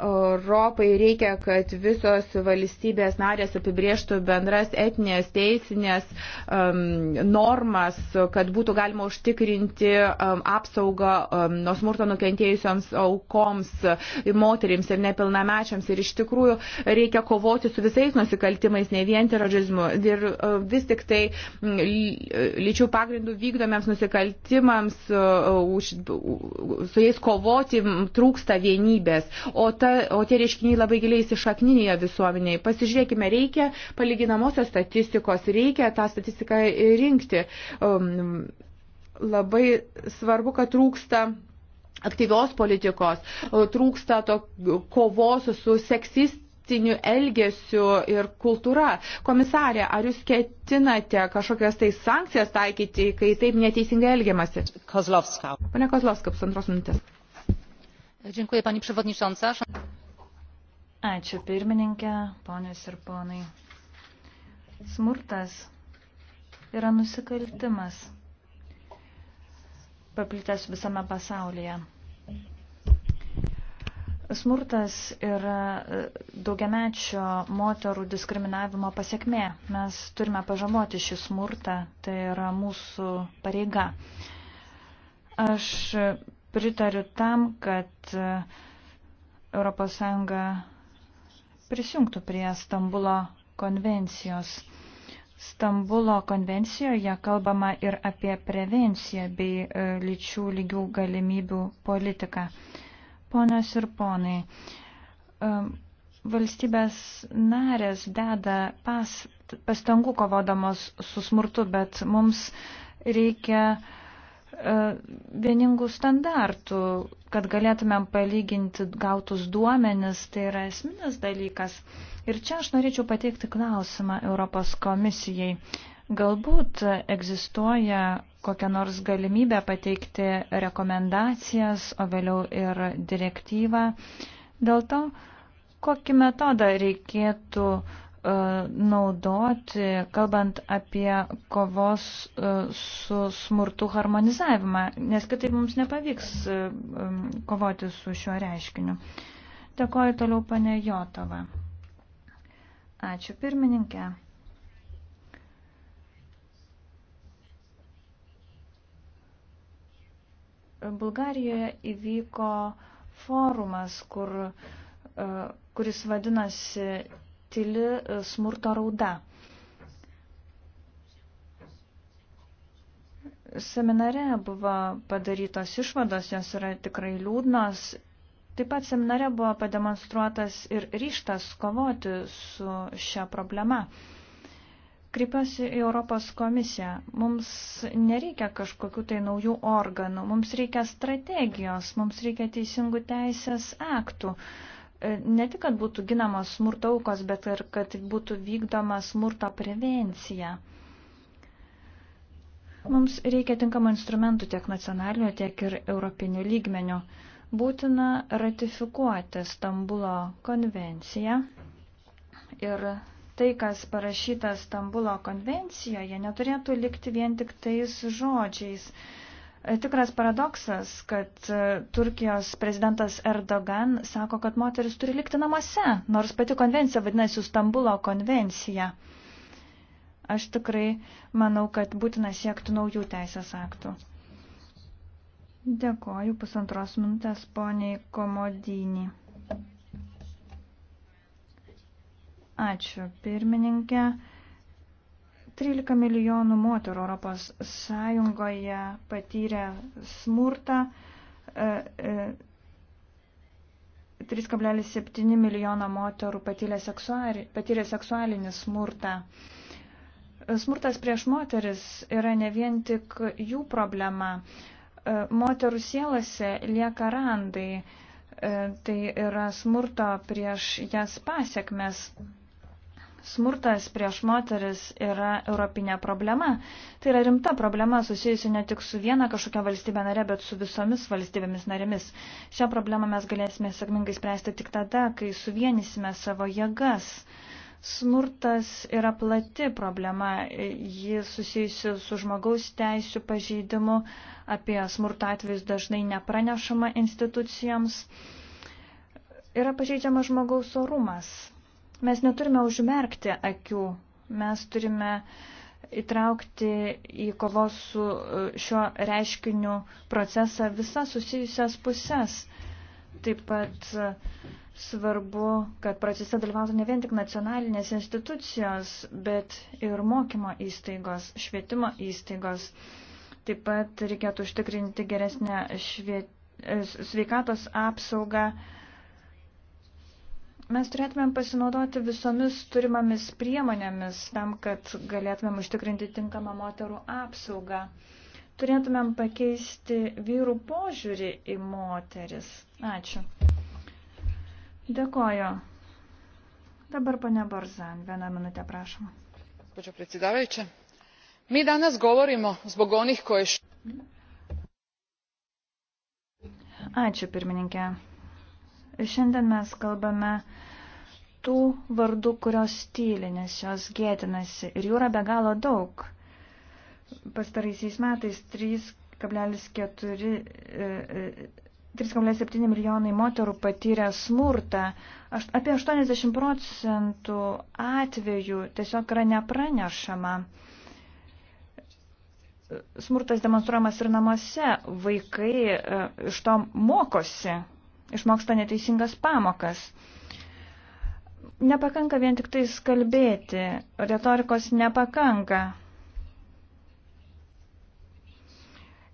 Europai reikia, kad visos valstybės narės apibrieštų bendras etinės, teisinės um, normas, kad būtų galima užtikrinti um, apsaugą um, nuo smurto nukentėjusioms aukoms, moterims ir nepilnamečiams. Ir iš tikrųjų reikia kovoti su visais nusikaltimais, ne vien terorizmu. Ir uh, vis tik tai mm, lyčių pagrindų vykdomiams nusikaltimams uh, už, uh, su jais kovoti trūksta vienybės. O ta, o tie reiškiniai labai giliai įsišakninėje visuomenėje. Pasižiūrėkime, reikia palyginamosios statistikos, reikia tą statistiką rinkti. Um, labai svarbu, kad trūksta aktyvios politikos, trūksta to kovos su seksist politiniu elgesiu ir kultūra. Komisarė, ar jūs ketinate kažkokias tai sankcijas taikyti, kai taip neteisingai elgiamasi? Kozlovska. Pane Kozlovska, pusantros minutės. Dziękuję pani przewodnicząca. Ačiū pirmininkė, ponės ir ponai. Smurtas yra nusikaltimas, paplitęs visame pasaulyje. Smurtas yra e, daugiamečio moterų diskriminavimo pasiekmė. Mes turime pažamoti šį smurtą, tai yra mūsų pareiga. Aš Pritariu tam, kad ES prisijungtų prie Stambulo konvencijos. Stambulo konvencijoje kalbama ir apie prevenciją bei e, lyčių lygių galimybių politiką. Ponios ir ponai, e, valstybės narės deda pas, pastangų kovodamos su smurtu, bet mums reikia uh, E, vieningų standartų, kad galėtumėm palyginti gautus duomenis, tai yra esminis dalykas. Ir čia aš norėčiau pateikti klausimą Europos komisijai. Galbūt egzistuoja kokia nors galimybė pateikti rekomendacijas, o vėliau ir direktyvą. Dėl to, kokį metodą reikėtų uh, E, naudoti, kalbant apie kovos e, su smurtu harmonizavimą, nes kitaip mums nepavyks e, kovoti su šiuo reiškiniu. Dėkoju toliau pane Jotova. Ačiū pirmininkė. Bulgarijoje įvyko forumas, kur, kuris vadinasi tyli e, smurto rauda. Seminare buvo padarytos išvados, jos yra tikrai liūdnos. Taip pat seminare buvo pademonstruotas ir ryštas kovoti su šia problema. Kreipiuosi į Europos komisiją. Mums nereikia kažkokių tai naujų organų, mums reikia strategijos, mums reikia teisingų teisės aktų. Uh, E, ne tik, kad būtų ginamos smurto aukos, bet ir kad būtų vykdoma smurto prevencija. Mums reikia tinkamų instrumentų tiek nacionalinių, tiek ir europinių lygmenių. Būtina ratifikuoti Stambulo konvenciją ir tai, kas parašyta Stambulo konvencijoje, neturėtų likti vien tik tais žodžiais. E, tikras paradoksas, kad e, Turkijos prezidentas Erdogan sako, kad moteris turi likti namuose, nors pati konvencija vadinasi Stambulo konvencija. Aš tikrai manau, kad būtina siekti naujų teisės aktų. Dėkoju pusantros minutės poniai Komodinį. Ačiū, pirmininkė. 13 milijonų moterų Europos Sąjungoje patyrė smurtą, 3,7 e, e, milijono moterų patyrė, seksuali, patyrė seksualinį smurtą. Smurtas prieš moteris yra ne vien tik jų problema. E, moterų sielose lieka randai. Tai yra smurto prieš jas pasiekmes smurtas prieš moteris yra europinė problema. Tai yra rimta problema susijusi ne tik su viena kažkokia valstybė nare, bet su visomis valstybėmis narėmis. Šią problemą mes galėsime sėkmingai spręsti tik tada, kai suvienysime savo jėgas. Smurtas yra plati problema, ji susijusi su žmogaus teisų pažeidimu, apie smurtą atvejus dažnai nepranešama institucijoms. Yra pažeidžiama žmogaus orumas Mes neturime užmerkti akių, mes turime įtraukti į kovos su e, šiuo reiškiniu procesą visas susijusias puses. Taip pat e, svarbu, kad procese dalyvautų ne vien tik nacionalinės institucijos, bet ir mokymo įstaigos, švietimo įstaigos. Taip pat reikėtų užtikrinti geresnę šviet... E, sveikatos apsaugą Mes turėtumėm pasinaudoti visomis turimamis priemonėmis tam, kad galėtumėm užtikrinti tinkamą moterų apsaugą. Turėtumėm pakeisti vyrų požiūrį į moteris. Ačiū. Dėkoju. Dabar ponia Borzan, vieną minutę prašom. Gospođo predsjedavajuća, mi danas govorimo zbog onih koje... Ačiū pirmininkė. Šiandien mes kalbame tų vardų, kurios tyli, nes jos gėdinasi. Ir jų yra be galo daug. Pastaraisiais metais 3,7 e, e, milijonai moterų patyrė smurtą. Aš, apie 80 procentų atvejų tiesiog yra nepranešama. Smurtas demonstruojamas ir namuose. Vaikai e, iš to mokosi išmoksta neteisingas pamokas. Nepakanka vien tik tai kalbėti, retorikos nepakanka.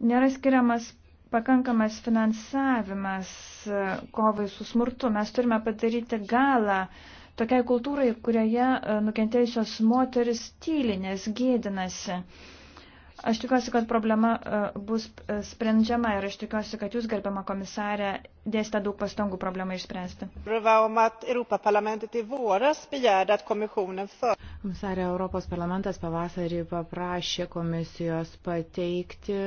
Nėra skiriamas pakankamas finansavimas kovai su smurtu. Mes turime padaryti galą tokiai kultūrai, kurioje nukentėjusios moteris tyli, nes gėdinasi. Aš tikiuosi, kad problema e, bus e, sprendžiama ir aš tikiuosi, kad jūs, gerbiama komisarė, dėsite daug pastangų problemą išspręsti. Komisarė, Europos parlamentas pavasarį paprašė komisijos pateikti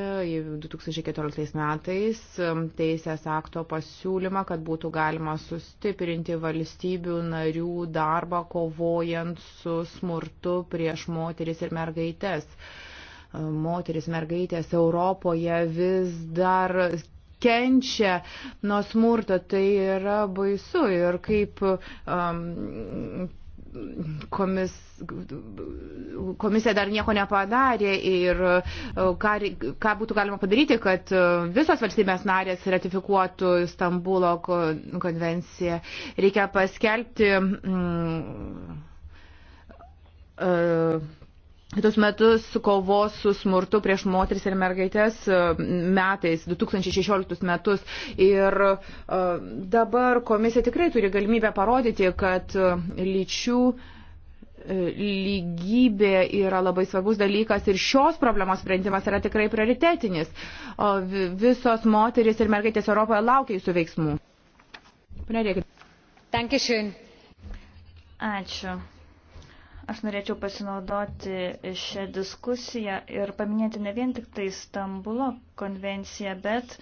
2014 metais um, teisės akto pasiūlymą, kad būtų galima sustiprinti valstybių narių darbą kovojant su smurtu prieš moteris ir mergaites moteris, mergaitės Europoje vis dar kenčia nuo smurto, tai yra baisu. Ir kaip um, komis, komisija dar nieko nepadarė ir uh, ką, ką būtų galima padaryti, kad uh, visos valstybės narės ratifikuotų Stambulo konvenciją. Reikia paskelbti. Mm, uh, Kitus metus kovos su smurtu prieš moteris ir mergaitės e, metais, 2016 metus. Ir e, dabar komisija tikrai turi galimybę parodyti, kad e, lyčių lygybė yra labai svarbus dalykas ir šios problemos sprendimas yra tikrai prioritetinis. O visos moteris ir mergaitės Europoje laukia jūsų veiksmų. Pane Rėkit. Ačiū. Aš norėčiau pasinaudoti šią diskusiją ir paminėti ne vien tik tai Stambulo konvenciją, bet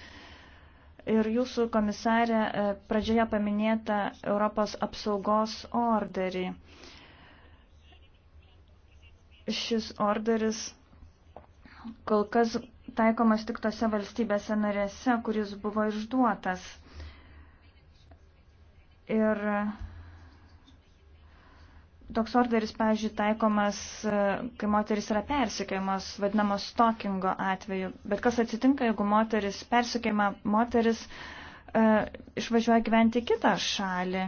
ir jūsų komisarė e, pradžioje paminėta Europos apsaugos orderį. Šis orderis kol kas taikomas tik tose valstybėse narėse, kuris buvo išduotas. Ir toks orderis, pavyzdžiui, taikomas, e, kai moteris yra persikėjimas, vadinamos stalkingo atveju. Bet kas atsitinka, jeigu moteris persikėjama, moteris e, išvažiuoja gyventi kitą šalį?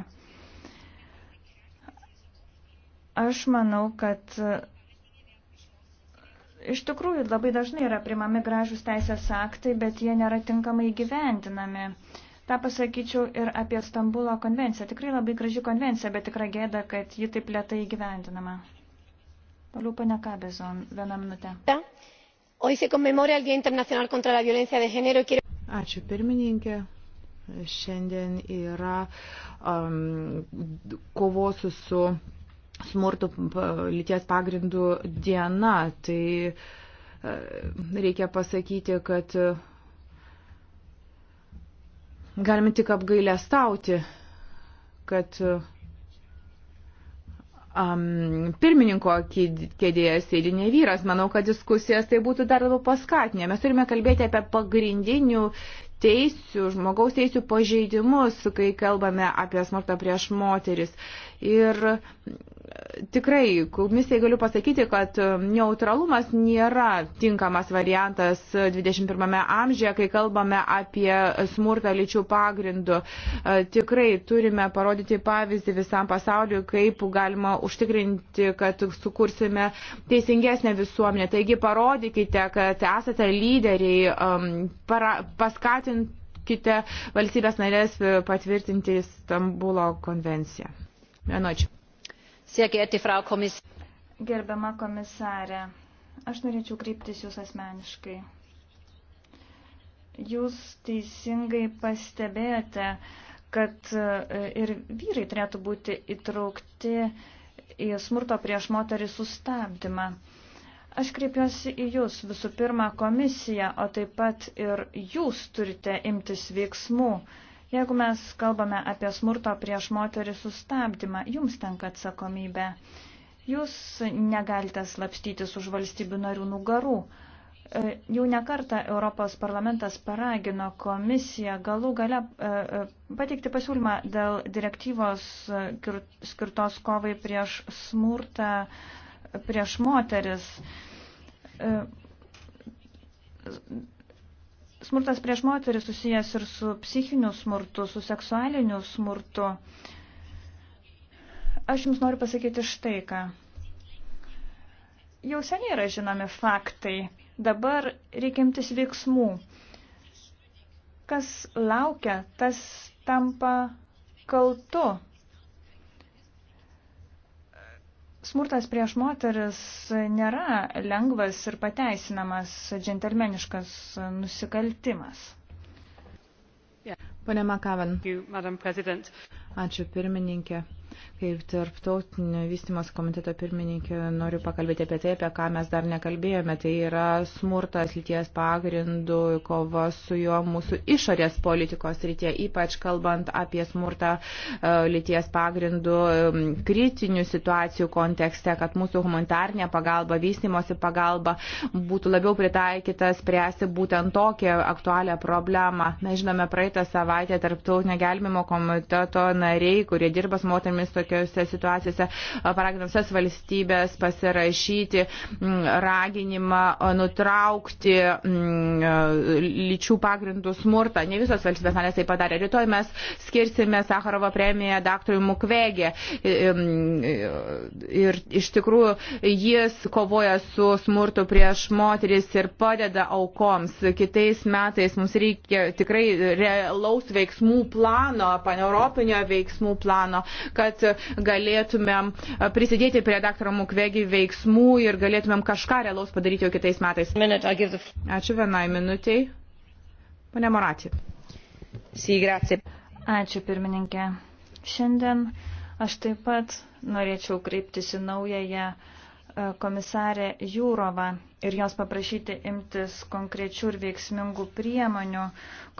Aš manau, kad e, iš tikrųjų labai dažnai yra primami gražus teisės aktai, bet jie nėra tinkamai gyventinami. E, Ta pasakyčiau ir apie Stambulo konvenciją. Tikrai labai graži konvencija, bet tikra gėda, kad ji taip lietai įgyvendinama. Toliau pane Kabezon, vieną minutę. Ačiū pirmininkė šiandien yra um, kovos su smurtu lyties pagrindu diena. Tai uh, reikia pasakyti, kad uh, Galime tik apgailę stauti, kad um, pirmininko kėdėje sėdi ne vyras. Manau, kad diskusijas tai būtų dar labiau paskatinę. Mes turime kalbėti apie pagrindinių teisių, žmogaus teisių pažeidimus, kai kalbame apie smurtą prieš moteris. Ir tikrai komisijai galiu pasakyti, kad e, neutralumas nėra tinkamas variantas 21 e, amžiuje, kai kalbame apie smurtą lyčių pagrindų. E, tikrai turime parodyti pavyzdį visam pasauliu, kaip galima užtikrinti, kad sukursime teisingesnę visuomenę. Taigi parodykite, kad esate lyderiai, para, paskatinkite valstybės narės patvirtinti Stambulo konvenciją. Vienočiai. Gerbiama komisarė, aš norėčiau kreiptis Jūs asmeniškai. Jūs teisingai pastebėjote, kad e, ir vyrai turėtų būti įtraukti į smurto prieš moterį sustabdymą. Aš kreipiuosi į Jūs visų pirma komisiją, o taip pat ir Jūs turite imtis veiksmų Jeigu mes kalbame apie smurto prieš moterį sustabdymą, jums tenka atsakomybė. Jūs negalite slapstytis už valstybių narių nugarų. E, jau nekarta Europos parlamentas paragino komisiją galų gale e, e, pateikti pasiūlymą dėl direktyvos skirtos kovai prieš smurtą prieš moteris Smurtas prieš moterį susijęs ir su psichiniu smurtu, su seksualiniu smurtu. Aš Jums noriu pasakyti štai ką. Jau seniai yra žinomi faktai. Dabar reikimtis veiksmų. Kas laukia, tas tampa kaltu. Smurtas prieš moteris nėra lengvas ir pateisinamas džentelmeniškas nusikaltimas. Pane Makavan. Ačiū pirmininkė. Kaip tarptautinio vystimos komiteto pirmininkė noriu pakalbėti apie tai, apie ką mes dar nekalbėjome. Tai yra smurtas lyties pagrindų, kova su juo mūsų išorės politikos rytie, ypač kalbant apie smurtą e, lyties pagrindų kritinių situacijų kontekste, kad mūsų humanitarnė pagalba, vystimosi pagalba būtų labiau pritaikyta spręsti būtent tokią aktualią problemą. Mes žinome, praeitą savaitę tarptautinio gelbimo komiteto nariai, kurie dirba su moterimis, sąlygomis tokiuose situacijose paraginam visas valstybės pasirašyti raginimą nutraukti lyčių pagrindų smurtą. Ne visos valstybės narės tai padarė. Rytoj mes skirsime Sakarovo premiją daktarui Mukvegė. Ir iš tikrųjų jis kovoja su smurtu prieš moteris ir padeda aukoms. Kitais metais mums reikia tikrai realaus veiksmų plano, paneuropinio veiksmų plano, kad kad galėtumėm prisidėti prie daktaro Mukvegi veiksmų ir galėtumėm kažką realaus padaryti jau kitais metais. Ačiū vienai minutiai. Pane Morati. Ačiū pirmininkė. Šiandien aš taip pat norėčiau kreiptis į naująją E, komisarė Jūrova ir jos paprašyti imtis konkrečių ir veiksmingų priemonių,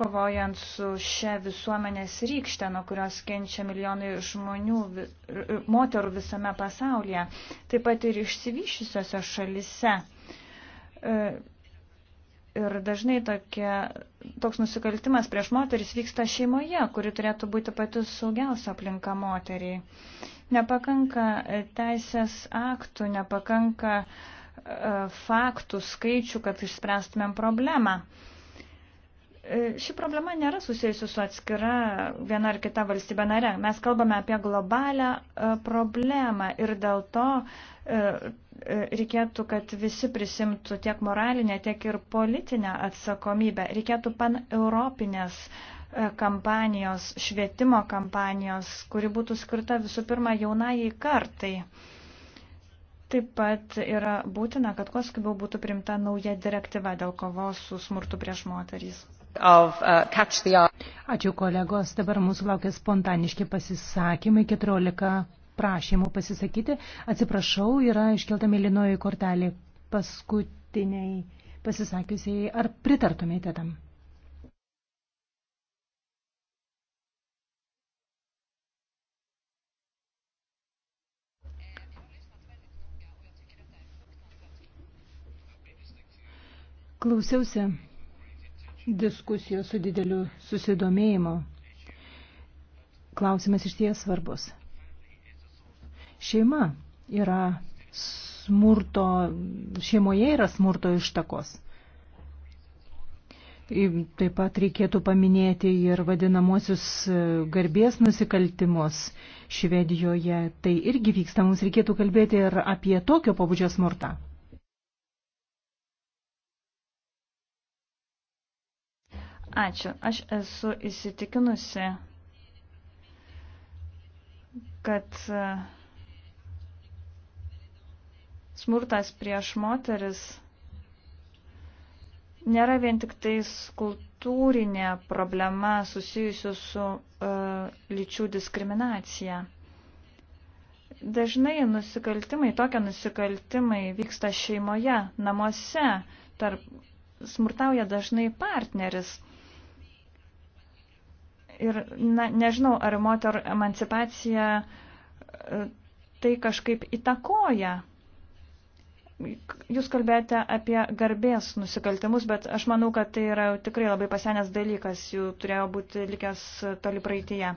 kovojant su šia visuomenės rykšte, nuo kurios kenčia milijonai žmonių, e, moterų visame pasaulyje, taip pat ir išsivyšysiuose šalise. E, Ir dažnai tokie, toks nusikaltimas prieš moteris vyksta šeimoje, kuri turėtų būti pati saugiausia aplinka moteriai. Nepakanka e, teisės aktų, nepakanka e, faktų, skaičių, kad išspręstumėm problemą. E, ši problema nėra susijusi su atskira viena ar kita valstybė nare. Mes kalbame apie globalę problemą ir dėl to E, reikėtų, kad visi prisimtų tiek moralinę, tiek ir politinę atsakomybę. Reikėtų pan-europinės e, kampanijos, švietimo kampanijos, kuri būtų skirta visų pirma jaunajai kartai. Taip pat yra būtina, kad kuo skubiau būtų primta nauja direktyva dėl kovos su smurtu prieš moterys. Of, uh, Ačiū kolegos, dabar mūsų laukia spontaniški pasisakymai 14 prašymų pasisakyti. Atsiprašau, yra iškelta mėlynoji kortelė paskutiniai pasisakiusiai. Ar pritartumėte tam? Klausiausi diskusijos su dideliu susidomėjimu. Klausimas iš ties svarbus. Šeima yra smurto, šeimoje yra smurto ištakos. Taip pat reikėtų paminėti ir vadinamosius e, garbės nusikaltimus Švedijoje. Tai irgi vyksta, mums reikėtų kalbėti ir apie tokio pabudžio smurtą. Ačiū. Aš esu įsitikinusi, kad uh, smurtas prieš moteris nėra vien tik tais kultūrinė problema susijusi su uh, lyčių diskriminacija. Dažnai nusikaltimai, tokie nusikaltimai vyksta šeimoje, namuose, tarp, smurtauja dažnai partneris. Ir na, nežinau, ar moterų emancipacija uh, tai kažkaip įtakoja Jūs kalbėjote apie garbės nusikaltimus, bet aš manau, kad tai yra tikrai labai pasenęs dalykas, jų turėjo būti likęs toli praeityje.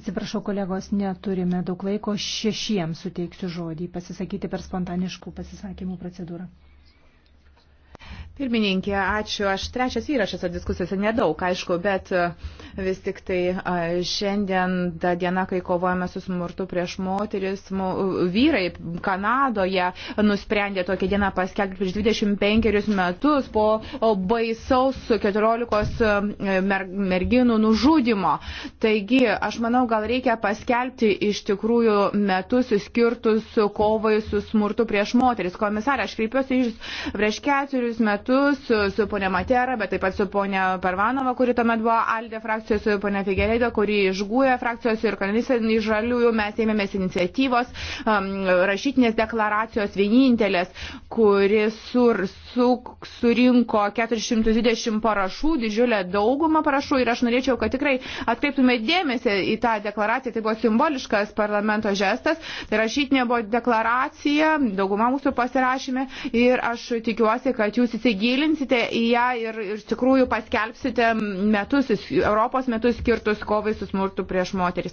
Atsiprašau, kolegos, neturime daug laiko, šešiems suteiksiu žodį pasisakyti per spontaniškų pasisakymų procedūrą. Pirmininkė, ačiū. Aš trečias įrašas diskusijose nedaug, aišku, bet e, vis tik tai e, šiandien ta diena, kai kovojame su smurtu prieš moteris, e, vyrai Kanadoje nusprendė tokią dieną paskelbti prieš 25 metus po baisaus 14 merginų nužudimo. Taigi, aš manau, gal reikia paskelbti iš tikrųjų metus skirtus kovai su smurtu prieš moteris. Komisarė, aš kreipiuosi iš prieš keturis metus metu su, su ponia Matera, bet taip pat su ponia Parvanova, kuri tuomet buvo Aldė frakcijos, su ponia Figereido, kuri išgūė frakcijos ir kanalisės iš žaliųjų. Mes ėmėmės iniciatyvos, um, rašytinės deklaracijos vienintelės, kuri sur, surinko 420 parašų, didžiulę daugumą parašų ir aš norėčiau, kad tikrai atkreiptume dėmesį į tą deklaraciją. Tai buvo simboliškas parlamento žestas, tai rašytinė buvo deklaracija, dauguma mūsų pasirašyme ir aš tikiuosi, kad jūs įsigilinsite į ją ir iš tikrųjų paskelbsite metus, Europos metus skirtus kovai su smurtu prieš moteris.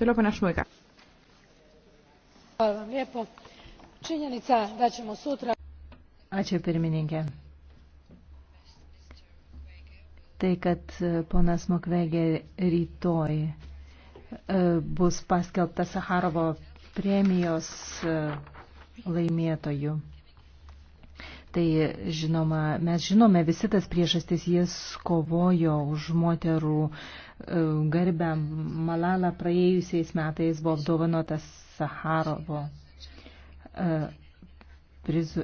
Toliau panašmuika. Hvala vam lijepo. Činjenica da ćemo sutra Ačiū pirmininkė. Tai, kad e, ponas Mokvegė rytoj e, bus paskelbta Saharovo premijos e, laimėtojų. Tai žinoma, mes žinome visi tas priežastis, jis kovojo už moterų garbę. Malala praėjusiais metais buvo apdovanotas Saharovo prizu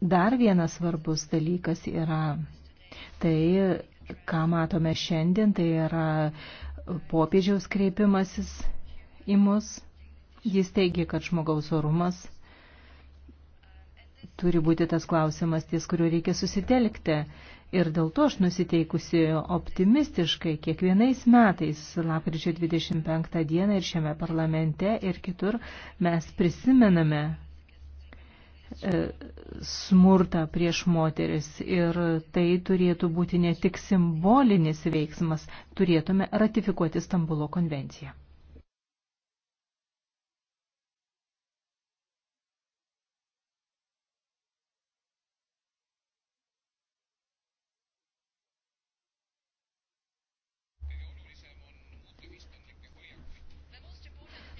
Dar vienas svarbus dalykas yra tai, ką matome šiandien, tai yra popiežiaus kreipimasis į mus. Jis teigia, kad žmogaus orumas turi būti tas klausimas, ties kuriuo reikia susitelkti. Ir dėl to aš nusiteikusi optimistiškai kiekvienais metais, lapkričio 25 dieną ir šiame parlamente ir kitur mes prisimename E, smurtą prieš moteris ir tai turėtų būti ne tik simbolinis veiksmas, turėtume ratifikuoti Stambulo konvenciją.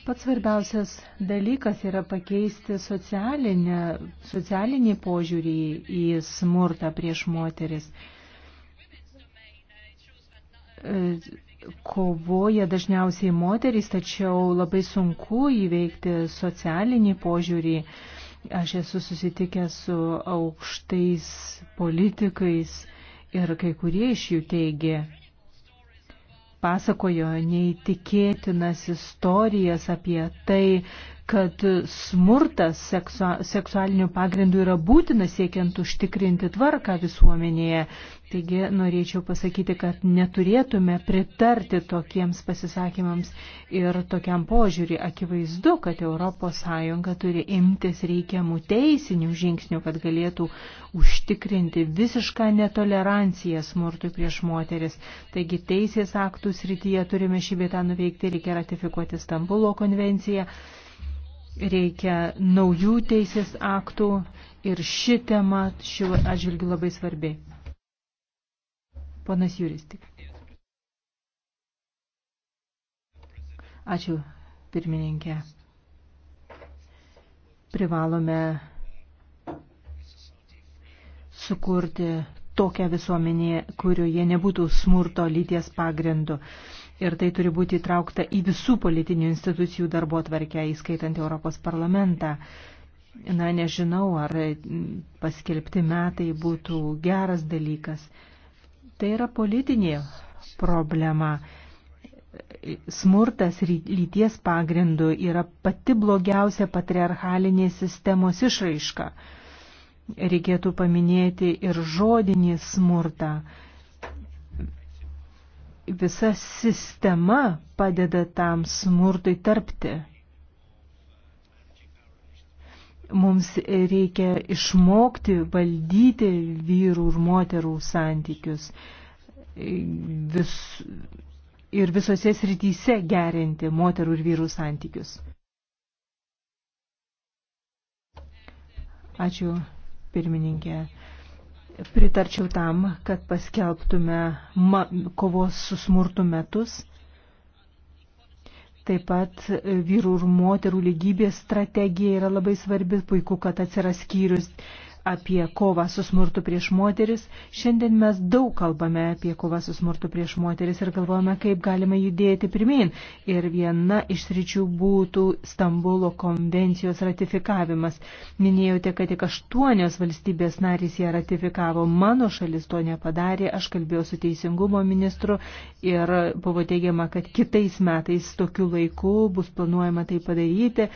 Pats svarbiausias dalykas yra pakeisti socialinį požiūrį į smurtą prieš moteris. E, kovoja dažniausiai moterys, tačiau labai sunku įveikti socialinį požiūrį. Aš esu susitikęs su aukštais politikais ir kai kurie iš jų teigia, pasakojo neįtikėtinas istorijas apie tai, kad smurtas seksu, seksualiniu pagrindu yra būtina siekiant užtikrinti tvarką visuomenėje. Taigi norėčiau pasakyti, kad neturėtume pritarti tokiems pasisakymams ir tokiam požiūrį. Akivaizdu, kad ES turi imtis reikiamų teisinių žingsnių, kad galėtų užtikrinti visišką netoleranciją smurtui prieš moteris. Taigi teisės aktų srityje turime šį vietą nuveikti, reikia ratifikuoti Stambulo konvenciją reikia naujų teisės aktų ir ši tema šiuo atžvilgiu labai svarbi. Ponas Juris tik. Ačiū, pirmininkė. Privalome sukurti tokią visuomenę, kurioje nebūtų smurto lyties pagrindu ir tai turi būti įtraukta į visų politinių institucijų darbo tvarkę, įskaitant Europos parlamentą. Na, nežinau, ar paskelbti metai būtų geras dalykas. Tai yra politinė problema. Smurtas lyties pagrindu yra pati blogiausia patriarchalinės sistemos išraiška. Reikėtų paminėti ir žodinį smurtą visa sistema padeda tam smurtui tarpti. Mums reikia išmokti valdyti vyrų ir moterų santykius vis, ir visose srityse gerinti moterų ir vyrų santykius. Ačiū, pirmininkė. Pritarčiau tam, kad paskelbtume kovos su smurtu metus, taip pat e, vyrų ir moterų lygybės strategija yra labai svarbi, puiku, kad atsiras skyrius apie kovą su smurtu prieš moteris. Šiandien mes daug kalbame apie kovą su smurtu prieš moteris ir galvojame, kaip galime judėti pirmin. Ir viena iš sričių būtų Stambulo konvencijos ratifikavimas. Minėjote, kad tik aštuonios valstybės narys ją ratifikavo. Mano šalis to nepadarė. Aš kalbėjau su teisingumo ministru ir buvo teigiama, kad kitais metais tokiu laiku bus planuojama tai padaryti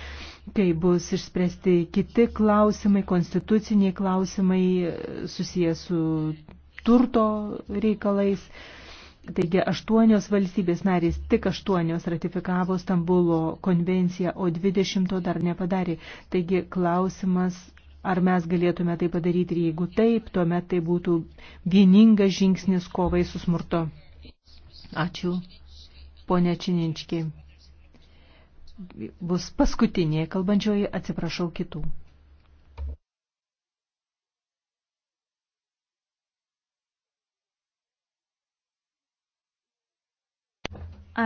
kai bus išspręsti kiti klausimai, konstituciniai klausimai e, susijęs su turto reikalais. Taigi aštuonios valstybės narės, tik aštuonios ratifikavo Stambulo konvenciją, o dvidešimto dar nepadarė. Taigi klausimas, ar mes galėtume tai padaryti ir jeigu taip, tuomet tai būtų vieningas žingsnis kovai su smurto. Ačiū, ponė Čininčkiai bus paskutinė kalbančioji, atsiprašau kitų.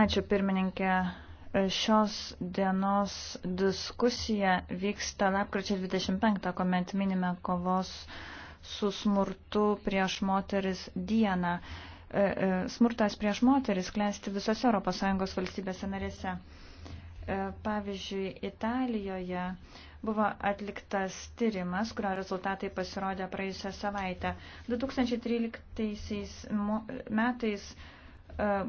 Ačiū pirmininkė. Šios dienos diskusija vyksta lapkričio 25, kuomet minime kovos su smurtu prieš moteris dieną. E, e, smurtas prieš moteris klesti visose ES valstybėse narėse. E, pavyzdžiui, Italijoje buvo atliktas tyrimas, kurio rezultatai pasirodė praėjusią savaitę. 2013 metais e,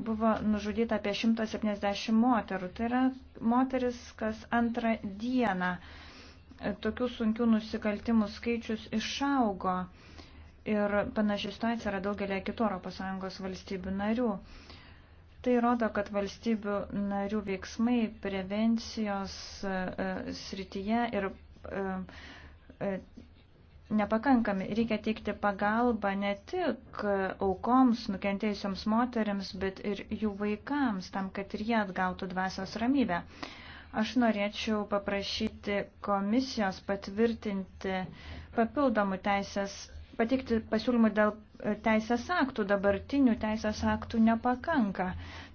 buvo nužudyta apie 170 moterų. Tai yra moteris kas antrą dieną. E, tokių sunkių nusikaltimų skaičius išaugo. Ir panaši situacija yra daugelė kitų ES valstybių narių. Tai rodo, kad valstybių narių veiksmai prevencijos e, e, srityje ir e, nepakankami. Reikia teikti pagalbą ne tik aukoms, nukentėjusioms moteriams, bet ir jų vaikams, tam, kad ir jie atgautų dvasios ramybę. Aš norėčiau paprašyti komisijos patvirtinti papildomų teisės, patikti pasiūlymų dėl teisės aktų, dabartinių teisės aktų nepakanka.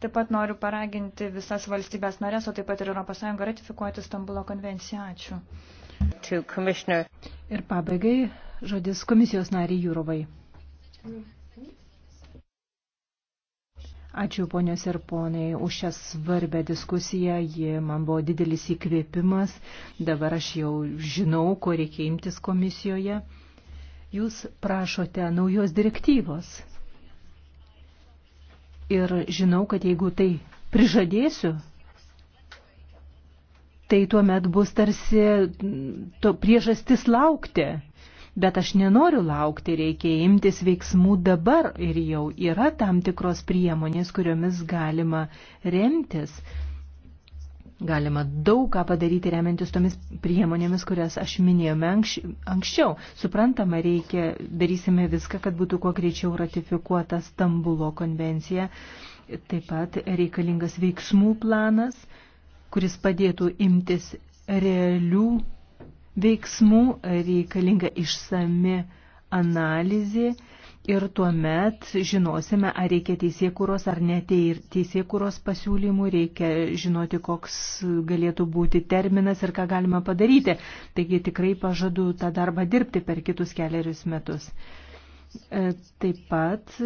Taip pat noriu paraginti visas valstybės narės, o taip pat ir ES ratifikuoti Stambulo konvenciją. Ačiū. Ir pabaigai žodis komisijos nariai Jūrovai. Ačiū ponios ir ponai už šią svarbę diskusiją, ji man buvo didelis įkvėpimas, dabar aš jau žinau, ko reikia imtis komisijoje. Jūs prašote naujos direktyvos. Ir žinau, kad jeigu tai prižadėsiu, tai tuomet bus tarsi to priežastis laukti. Bet aš nenoriu laukti, reikia imtis veiksmų dabar ir jau yra tam tikros priemonės, kuriomis galima remtis. Galima daug ką padaryti remiantis tomis priemonėmis, kurias aš minėjome anksčiau. Suprantama, reikia, darysime viską, kad būtų kuo greičiau ratifikuota Stambulo konvencija. Taip pat reikalingas veiksmų planas, kuris padėtų imtis realių veiksmų, reikalinga išsami analizė ir tuomet žinosime, ar reikia teisėkūros ar ne teisėkūros pasiūlymų, reikia žinoti, koks galėtų būti terminas ir ką galima padaryti. Taigi tikrai pažadu tą darbą dirbti per kitus keliarius metus. E, taip pat e,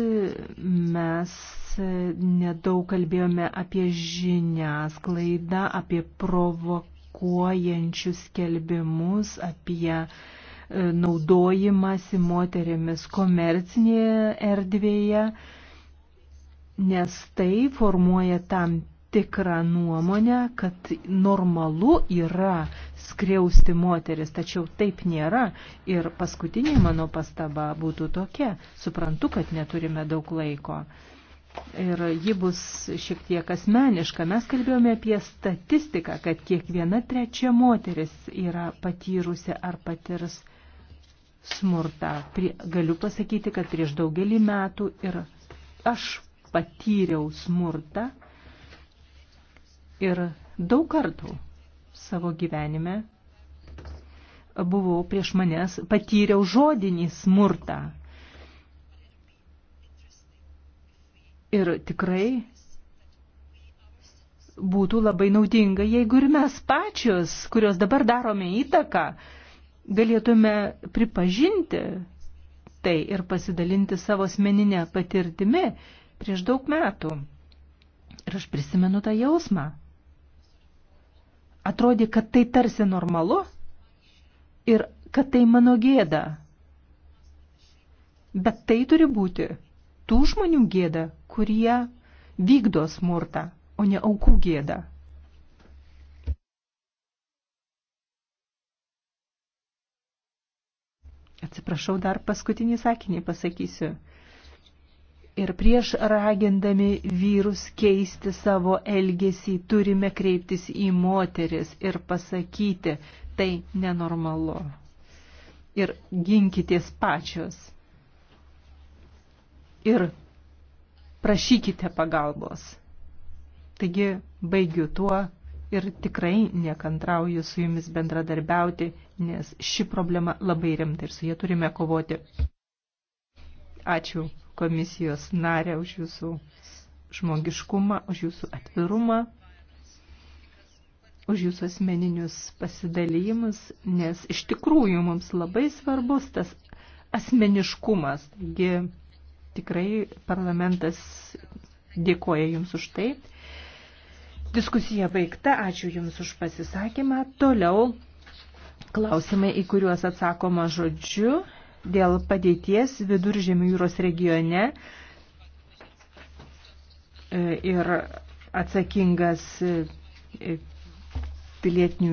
mes e, nedaug kalbėjome apie žiniasklaidą, apie provokuojančius skelbimus, apie uh, E, naudojimasi moterėmis komercinėje erdvėje, nes tai formuoja tam tikrą nuomonę, kad normalu yra skriausti moteris, tačiau taip nėra. Ir paskutinė mano pastaba būtų tokia. Suprantu, kad neturime daug laiko. Ir ji bus šiek tiek asmeniška. Mes kalbėjome apie statistiką, kad kiekviena trečia moteris yra patyrusi ar patirs smurtą. Prie, galiu pasakyti, kad prieš daugelį metų ir aš patyriau smurtą ir daug kartų savo gyvenime buvau prieš manęs, patyriau žodinį smurtą. Ir tikrai būtų labai naudinga, jeigu ir mes pačios, kurios dabar darome įtaką, galėtume pripažinti tai ir pasidalinti savo asmeninę patirtimi prieš daug metų. Ir aš prisimenu tą jausmą. Atrodė, kad tai tarsi normalu ir kad tai mano gėda. Bet tai turi būti tų žmonių gėda, kurie vykdo smurtą, o ne aukų gėda. Atsiprašau, dar paskutinį sakinį pasakysiu. Ir prieš ragindami vyrus keisti savo elgesį turime kreiptis į moteris ir pasakyti, tai nenormalu. Ir ginkitės pačios. Ir prašykite pagalbos. Taigi baigiu tuo, ir tikrai nekantrauju su jumis bendradarbiauti, nes ši problema labai rimta ir su jie turime kovoti. Ačiū komisijos narė už jūsų žmogiškumą, už jūsų atvirumą, už jūsų asmeninius pasidalymus, nes iš tikrųjų mums labai svarbus tas asmeniškumas. Taigi tikrai parlamentas dėkoja jums už tai. Diskusija baigta. Ačiū Jums už pasisakymą. Toliau klausimai, į kuriuos atsakoma žodžiu dėl padėties viduržėmių jūros regione e, ir atsakingas e, e, pilietinių